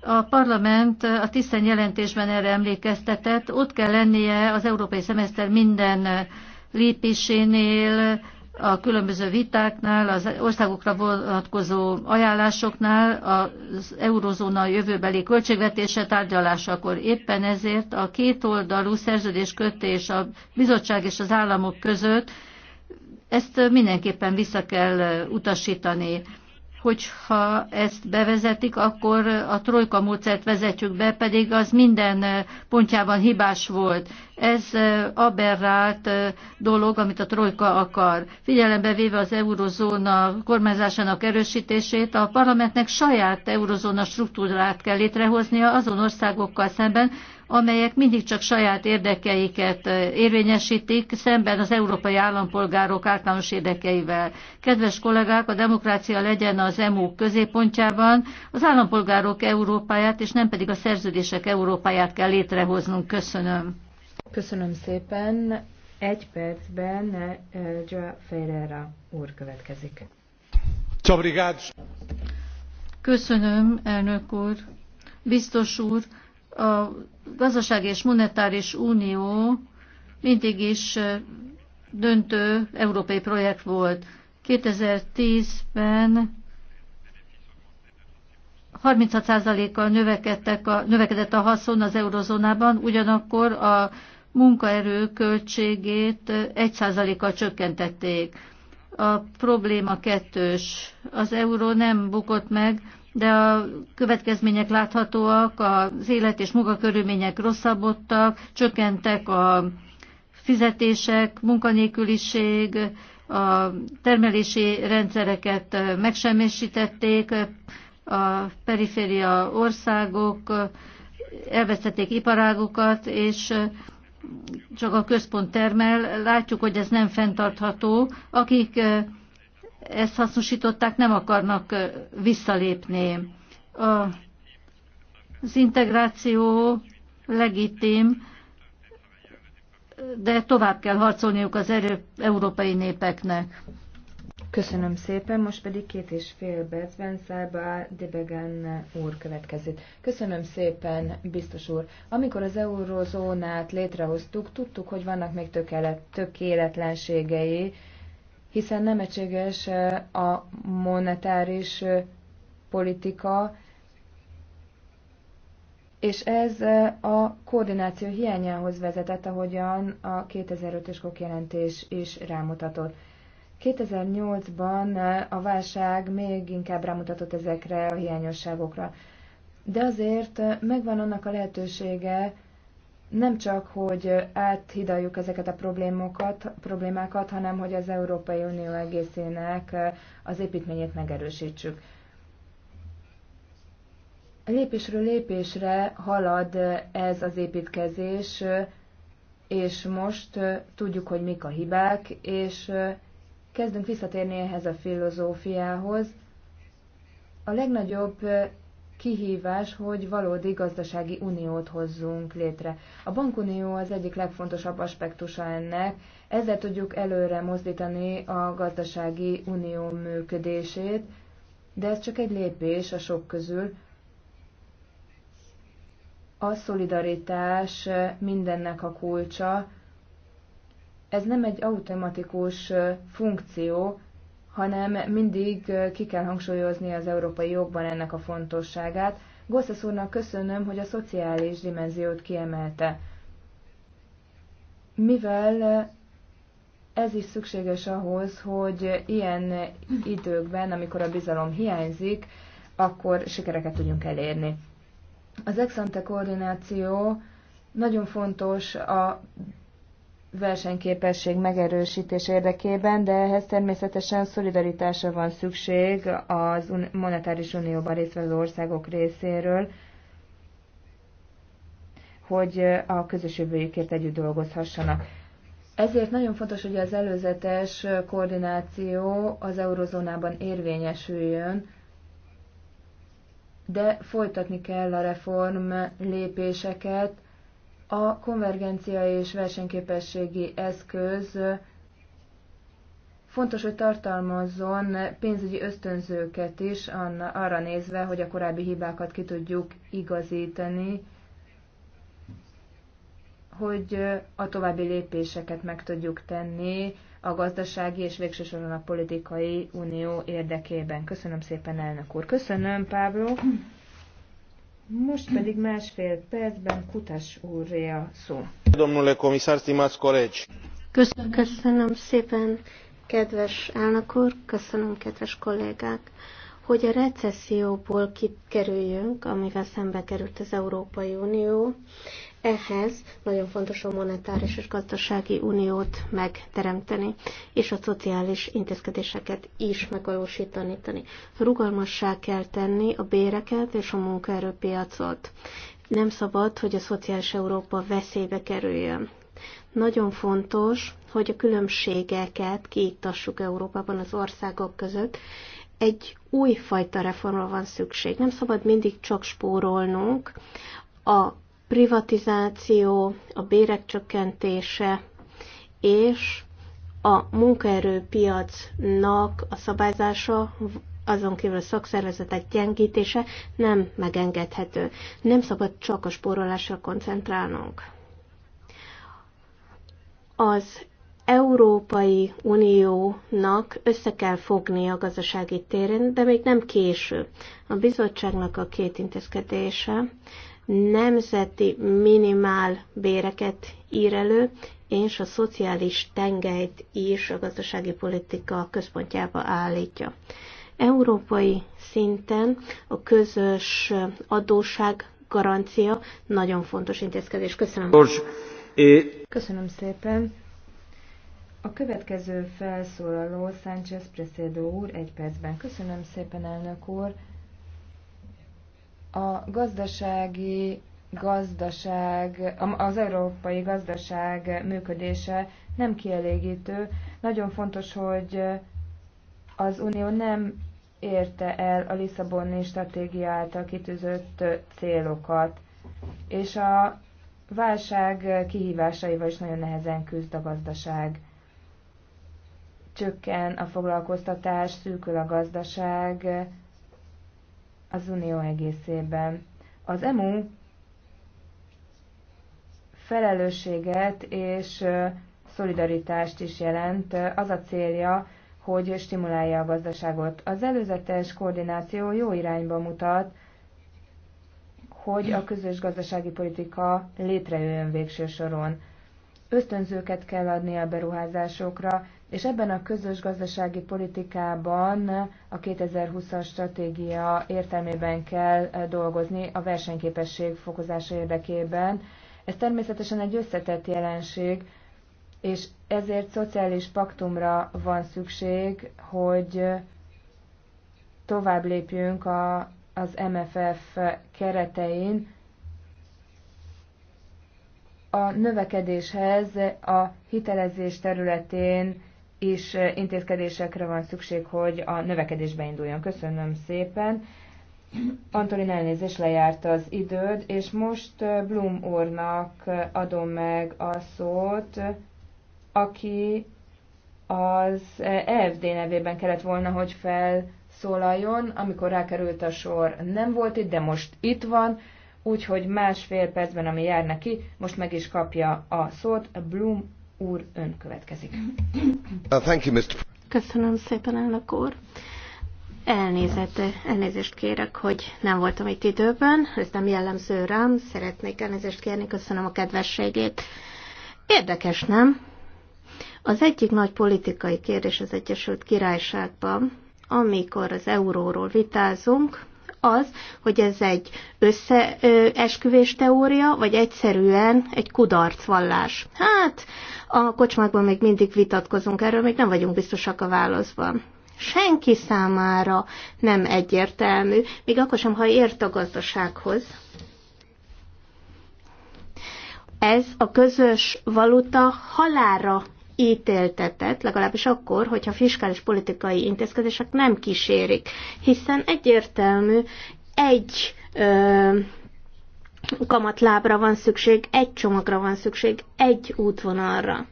A parlament a tisztán jelentésben erre emlékeztetett, ott kell lennie az európai szemeszter minden lépésénél, a különböző vitáknál, az országokra vonatkozó ajánlásoknál, az eurozóna jövőbeli költségvetése tárgyalásakor. Éppen ezért a kétoldalú szerződéskötés a bizottság és az államok között ezt mindenképpen vissza kell utasítani hogyha ezt bevezetik, akkor a trojka módszert vezetjük be, pedig az minden pontjában hibás volt. Ez aberrált dolog, amit a trojka akar. Figyelembe véve az eurozóna kormányzásának erősítését, a parlamentnek saját eurozóna struktúrát kell létrehoznia azon országokkal szemben, amelyek mindig csak saját érdekeiket eh, érvényesítik, szemben az európai állampolgárok általános érdekeivel. Kedves kollégák, a demokrácia legyen az EMU középpontjában, az állampolgárok Európáját, és nem pedig a szerződések Európáját kell létrehoznunk. Köszönöm. Köszönöm szépen. Egy percben eh, Joa Ferreira úr következik. Köszönöm, elnök úr. Biztos úr, a gazdaság és monetáris unió mindig is döntő európai projekt volt. 2010-ben 36%-kal a, növekedett a haszon az eurozónában, ugyanakkor a munkaerő költségét 1%-kal csökkentették. A probléma kettős. Az euró nem bukott meg, de a következmények láthatóak, az élet és munkakörülmények rosszabbodtak, csökkentek a fizetések, munkanélküliség, a termelési rendszereket megsemmisítették, a periféria országok elvesztették iparágokat, és csak a központ termel. Látjuk, hogy ez nem fenntartható. Akik ezt hasznosították, nem akarnak visszalépni. Az integráció legitim, de tovább kell harcolniuk az erő, európai népeknek. Köszönöm szépen, most pedig két és fél percben Szába Debegen úr következik. Köszönöm szépen, biztos úr. Amikor az eurozónát létrehoztuk, tudtuk, hogy vannak még tökéletlenségei, hiszen nem egységes a monetáris politika, és ez a koordináció hiányához vezetett, ahogyan a 2005-ös KOK jelentés is rámutatott. 2008-ban a válság még inkább rámutatott ezekre a hiányosságokra. De azért megvan annak a lehetősége, nem csak, hogy áthidaljuk ezeket a problémokat, problémákat, hanem hogy az Európai Unió egészének eh, az építményét megerősítsük. Lépésről lépésre halad eh, ez az építkezés, eh, és most tudjuk, hogy mik a hibák, és kezdünk visszatérni ehhez a filozófiához. A legnagyobb kihívás, hogy valódi gazdasági uniót hozzunk létre. A bankunió az egyik legfontosabb aspektusa ennek, ezzel tudjuk előre mozdítani a gazdasági unió működését, de ez csak egy lépés a sok közül. A szolidaritás mindennek a kulcsa. Ez nem egy automatikus funkció, hanem mindig ki kell hangsúlyozni az európai jogban ennek a fontosságát. Gosszasz úrnak köszönöm, hogy a szociális dimenziót kiemelte. Mivel ez is szükséges ahhoz, hogy ilyen időkben, amikor a bizalom hiányzik, akkor sikereket tudjunk elérni. Az exante koordináció nagyon fontos a versenyképesség megerősítés érdekében, de ehhez természetesen szolidaritásra van szükség az monetáris unióban résztvevő országok részéről, hogy a közös jövőjükért együtt dolgozhassanak. Ezért nagyon fontos, hogy az előzetes koordináció az eurozónában érvényesüljön, de folytatni kell a reform lépéseket, a konvergencia és versenyképességi eszköz fontos, hogy tartalmazzon pénzügyi ösztönzőket is arra nézve, hogy a korábbi hibákat ki tudjuk igazítani, hogy a további lépéseket meg tudjuk tenni a gazdasági és végsősorban a politikai unió érdekében. Köszönöm szépen, elnök úr. Köszönöm, Pablo. Most pedig másfél percben Kutas úrré a szó. Domnule komisár, stimați colegi! Köszönöm. köszönöm szépen, kedves elnök úr, köszönöm, kedves kollégák! hogy a recesszióból kikerüljünk, amivel szembe került az Európai Unió, ehhez nagyon fontos a monetáris és gazdasági uniót megteremteni, és a szociális intézkedéseket is megvalósítani. Rugalmassá kell tenni a béreket és a munkaerőpiacot. Nem szabad, hogy a szociális Európa veszélybe kerüljön. Nagyon fontos, hogy a különbségeket kiiktassuk Európában az országok között, egy újfajta reformra van szükség. Nem szabad mindig csak spórolnunk. A privatizáció, a bérek csökkentése és a munkaerőpiacnak a szabályzása, azon kívül a szakszervezetek gyengítése nem megengedhető. Nem szabad csak a spórolásra koncentrálnunk. Az Európai Uniónak össze kell fogni a gazdasági téren, de még nem késő. A bizottságnak a két intézkedése nemzeti minimál béreket ír elő, és a szociális tengelyt is a gazdasági politika központjába állítja. Európai szinten a közös adósság garancia nagyon fontos intézkedés. Köszönöm. Köszönöm szépen. A következő felszólaló Sánchez Presedo úr egy percben. Köszönöm szépen, elnök úr. A gazdasági gazdaság, az európai gazdaság működése nem kielégítő. Nagyon fontos, hogy az Unió nem érte el a Lisszaboni stratégia által kitűzött célokat, és a válság kihívásaival is nagyon nehezen küzd a gazdaság csökken a foglalkoztatás, szűkül a gazdaság az unió egészében. Az EMU felelősséget és szolidaritást is jelent. Az a célja, hogy stimulálja a gazdaságot. Az előzetes koordináció jó irányba mutat, hogy a közös gazdasági politika létrejöjjön végső soron. Ösztönzőket kell adni a beruházásokra, és ebben a közös gazdasági politikában a 2020-as stratégia értelmében kell eh, dolgozni a versenyképesség fokozása érdekében. Ez természetesen egy összetett jelenség, és ezért szociális paktumra van szükség, hogy tovább lépjünk a, az MFF keretein. A növekedéshez a hitelezés területén is eh, intézkedésekre van szükség, hogy a növekedésbe induljon. Köszönöm szépen. Antolin elnézés lejárt az időd, és most eh, Blum úrnak eh, adom meg a szót, aki az EFD e nevében kellett volna, hogy felszólaljon, amikor rákerült a sor, nem volt itt, de most itt van, úgyhogy másfél percben, ami jár neki, most meg is kapja a szót, Blum úr, ön következik. Uh, köszönöm szépen, elnök úr. Elnézet, elnézést kérek, hogy nem voltam itt időben, ez nem jellemző rám, szeretnék elnézést kérni, köszönöm a kedvességét. Érdekes, nem? Az egyik nagy politikai kérdés az Egyesült Királyságban, amikor az euróról vitázunk, az, hogy ez egy összeesküvés teória, vagy egyszerűen egy kudarcvallás. Hát, a kocsmákban még mindig vitatkozunk erről, még nem vagyunk biztosak a válaszban. Senki számára nem egyértelmű, még akkor sem, ha ért a gazdasághoz. Ez a közös valuta halára ítéltetett, legalábbis akkor, hogyha fiskális politikai intézkedések nem kísérik, hiszen egyértelmű egy ö, kamatlábra van szükség, egy csomagra van szükség, egy útvonalra.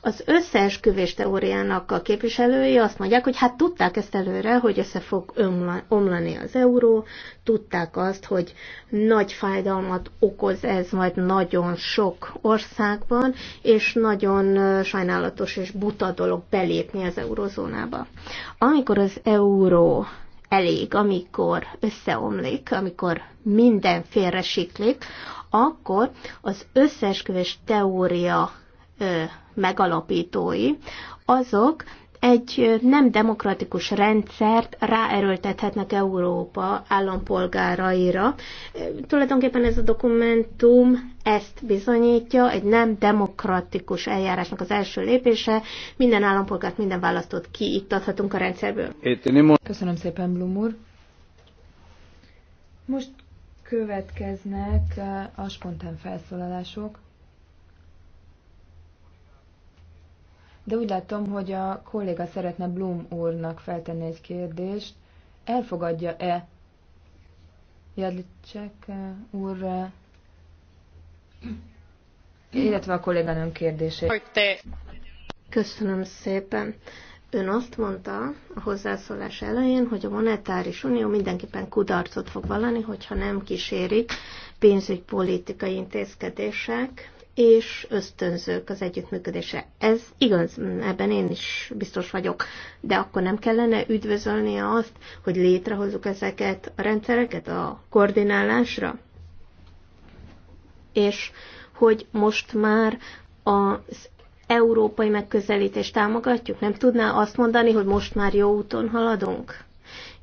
Az összeesküvés teóriának a képviselői azt mondják, hogy hát tudták ezt előre, hogy össze fog omlani az euró, tudták azt, hogy nagy fájdalmat okoz ez majd nagyon sok országban, és nagyon sajnálatos és buta dolog belépni az eurozónába. Amikor az euró elég, amikor összeomlik, amikor minden félresiklik, akkor az összeesküvés teória megalapítói, azok egy nem demokratikus rendszert ráerőltethetnek Európa állampolgáraira. Tulajdonképpen ez a dokumentum ezt bizonyítja, egy nem demokratikus eljárásnak az első lépése. Minden állampolgárt, minden választót kiiktathatunk a rendszerből. Köszönöm szépen, Blum úr. Most következnek a spontán felszólalások. de úgy látom, hogy a kolléga szeretne Blum úrnak feltenni egy kérdést. Elfogadja-e Jadlicek eh, úr, eh, illetve a kolléganőm kérdését? Köszönöm szépen. Ön azt mondta a hozzászólás elején, hogy a monetáris unió mindenképpen kudarcot fog vallani, hogyha nem kísérik pénzügypolitikai intézkedések, és ösztönzők az együttműködése. Ez igaz, ebben én is biztos vagyok. De akkor nem kellene üdvözölni azt, hogy létrehozzuk ezeket a rendszereket a koordinálásra? És hogy most már az európai megközelítést támogatjuk? Nem tudná azt mondani, hogy most már jó úton haladunk?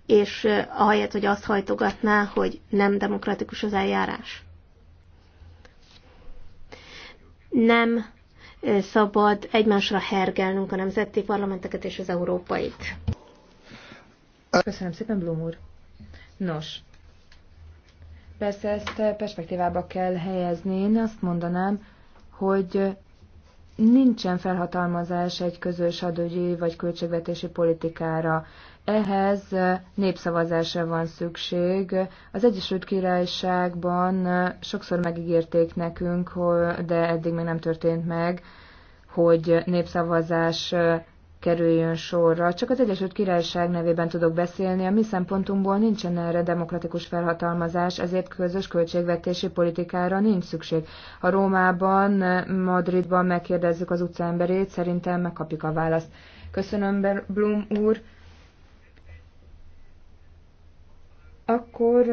És eh, ahelyett, hogy azt hajtogatná, hogy nem demokratikus az eljárás nem szabad egymásra hergelnünk a nemzeti parlamenteket és az európait. Köszönöm szépen, Blum úr. Nos, persze ezt perspektívába kell helyezni. Én azt mondanám, hogy nincsen felhatalmazás egy közös adógyi vagy költségvetési politikára. Ehhez népszavazásra van szükség. Az Egyesült Királyságban sokszor megígérték nekünk, de eddig még nem történt meg, hogy népszavazás kerüljön sorra. Csak az Egyesült Királyság nevében tudok beszélni. A mi szempontunkból nincsen erre demokratikus felhatalmazás, ezért közös költségvetési politikára nincs szükség. Ha Rómában, Madridban megkérdezzük az utcaemberét, szerintem megkapjuk a választ. Köszönöm, Blum úr. Akkor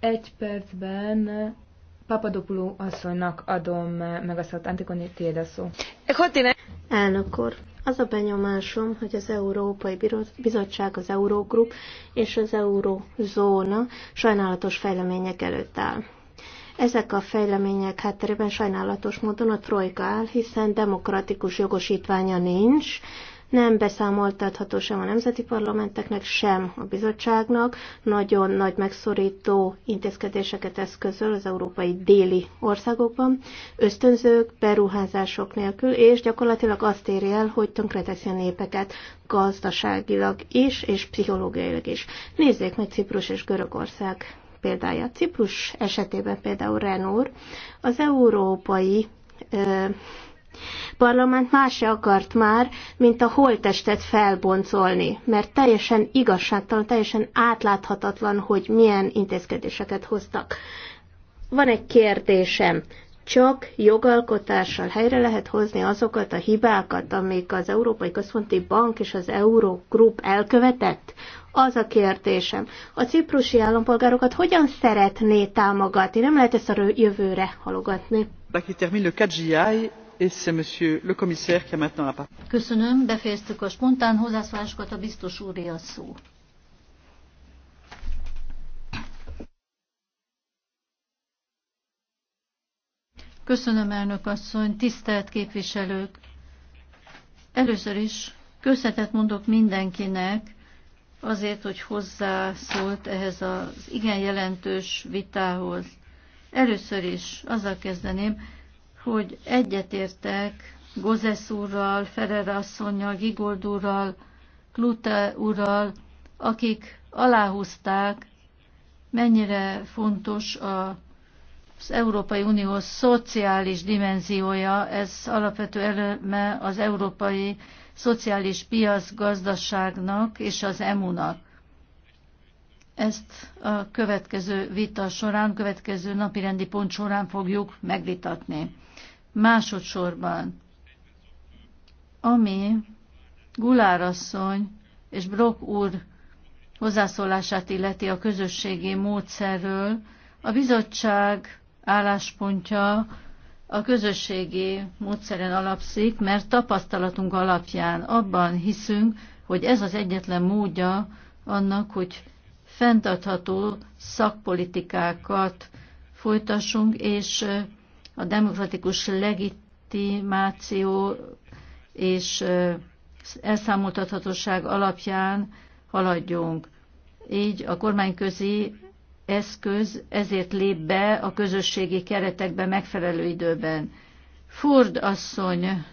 egy percben Papadopuló asszonynak adom meg a szót. Antikoni, tiéd a szó. Elnök úr, az a benyomásom, hogy az Európai Bizottság, az eurógrup és az Eurozóna sajnálatos fejlemények előtt áll. Ezek a fejlemények hátterében sajnálatos módon a trojka áll, hiszen demokratikus jogosítványa nincs, nem beszámoltatható sem a nemzeti parlamenteknek, sem a bizottságnak. Nagyon nagy megszorító intézkedéseket eszközöl az európai déli országokban, ösztönzők, beruházások nélkül, és gyakorlatilag azt éri el, hogy tönkreteszi a népeket gazdaságilag is, és pszichológiailag is. Nézzék meg Ciprus és Görögország példája. Ciprus esetében például Renúr az európai ö, parlament más se akart már, mint a holttestet felboncolni, mert teljesen igazságtalan, teljesen átláthatatlan, hogy milyen intézkedéseket hoztak. Van egy kérdésem. Csak jogalkotással helyre lehet hozni azokat a hibákat, amik az Európai Központi Bank és az Eurogroup elkövetett? Az a kérdésem. A ciprusi állampolgárokat hogyan szeretné támogatni? Nem lehet ezt a jövőre halogatni monsieur le commissaire qui a maintenant la parole. Köszönöm, befejeztük a spontán hozzászólásokat, a biztos úré a szó. Köszönöm, elnök asszony, tisztelt képviselők! Először is köszönetet mondok mindenkinek azért, hogy hozzászólt ehhez az igen jelentős vitához. Először is azzal kezdeném, hogy egyetértek Gozesz úrral, Ferrer asszonynal, Gigold úrral, Klute úrral, akik aláhúzták, mennyire fontos a az Európai Unió szociális dimenziója, ez alapvető eleme az európai szociális piacgazdaságnak és az EMU-nak. Ezt a következő vita során, következő napirendi pont során fogjuk megvitatni. Másodszorban, ami Gulárasszony és Brok úr hozzászólását illeti a közösségi módszerről, a bizottság álláspontja a közösségi módszeren alapszik, mert tapasztalatunk alapján abban hiszünk, hogy ez az egyetlen módja annak, hogy fenntartható szakpolitikákat folytassunk, és a demokratikus legitimáció és elszámoltathatóság alapján haladjunk. Így a kormányközi eszköz ezért lép be a közösségi keretekbe megfelelő időben. Ford asszony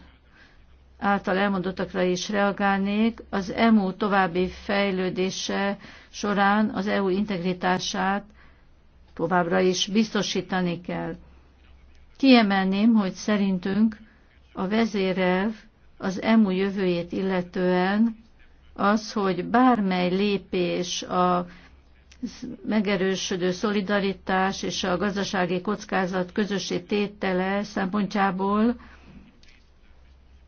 által elmondottakra is reagálnék, az EMU további fejlődése során az EU integritását továbbra is biztosítani kell. Kiemelném, hogy szerintünk a vezérelv az EMU jövőjét illetően az, hogy bármely lépés a megerősödő szolidaritás és a gazdasági kockázat közössé tétele szempontjából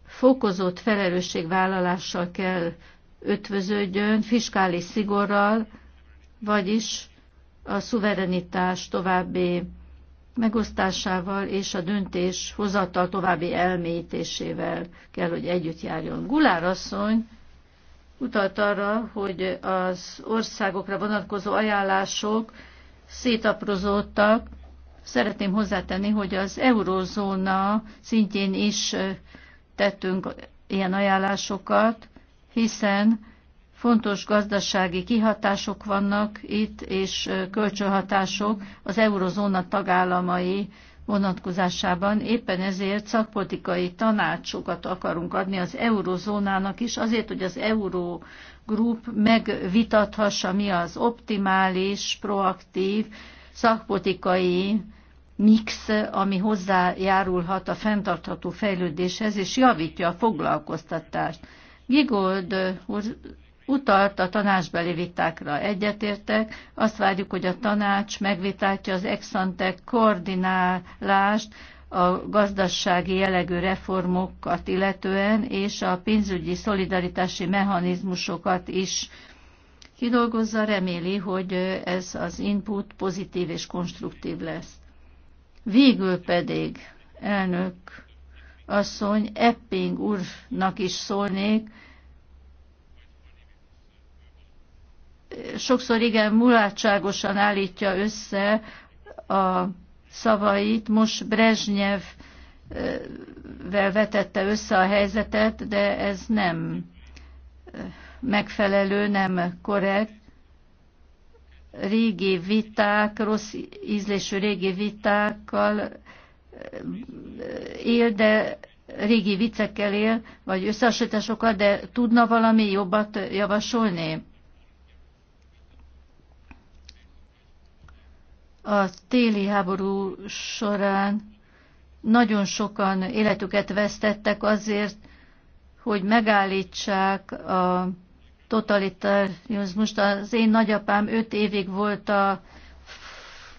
fokozott felelősségvállalással kell ötvöződjön, fiskális szigorral, vagyis a szuverenitás további megosztásával és a döntés hozattal további elmélyítésével kell, hogy együtt járjon. Gulár asszony utalt arra, hogy az országokra vonatkozó ajánlások szétaprozódtak. Szeretném hozzátenni, hogy az eurózóna szintjén is tettünk ilyen ajánlásokat, hiszen Fontos gazdasági kihatások vannak itt, és kölcsönhatások az eurozóna tagállamai vonatkozásában. Éppen ezért szakpolitikai tanácsokat akarunk adni az eurozónának is, azért, hogy az euró Group megvitathassa, mi az optimális, proaktív, szakpolitikai mix, ami hozzájárulhat a fenntartható fejlődéshez, és javítja a foglalkoztatást. Gigold úr utalt a tanácsbeli vitákra. Egyetértek, azt várjuk, hogy a tanács megvitátja az exante koordinálást, a gazdasági jellegű reformokat illetően, és a pénzügyi szolidaritási mechanizmusokat is kidolgozza, reméli, hogy ez az input pozitív és konstruktív lesz. Végül pedig, elnök asszony, Epping úrnak is szólnék, sokszor igen mulátságosan állítja össze a szavait. Most Brezsnyev vel vetette össze a helyzetet, de ez nem megfelelő, nem korrekt. Régi viták, rossz ízlésű régi vitákkal él, de régi viccekkel él, vagy összehasonlításokkal, de tudna valami jobbat javasolni? a téli háború során nagyon sokan életüket vesztettek azért, hogy megállítsák a totalitarianizmust. Az én nagyapám öt évig volt a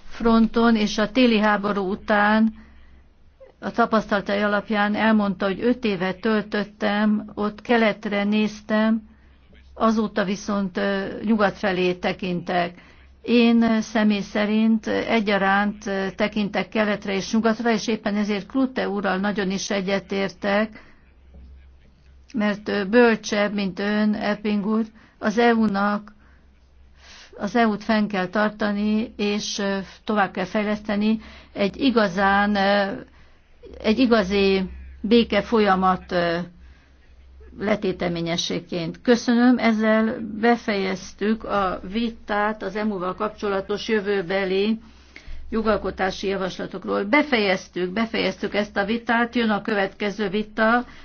fronton, és a téli háború után a tapasztalatai alapján elmondta, hogy öt éve töltöttem, ott keletre néztem, azóta viszont nyugat felé tekintek én személy szerint egyaránt tekintek keletre és nyugatra, és éppen ezért Klute úrral nagyon is egyetértek, mert bölcsebb, mint ön, Epping úr, az EU-nak az EU-t fenn kell tartani, és tovább kell fejleszteni egy igazán, egy igazi béke folyamat letéteményességként. Köszönöm, ezzel befejeztük a vitát az EMU-val kapcsolatos jövőbeli jogalkotási javaslatokról. Befejeztük, befejeztük ezt a vitát, jön a következő vita,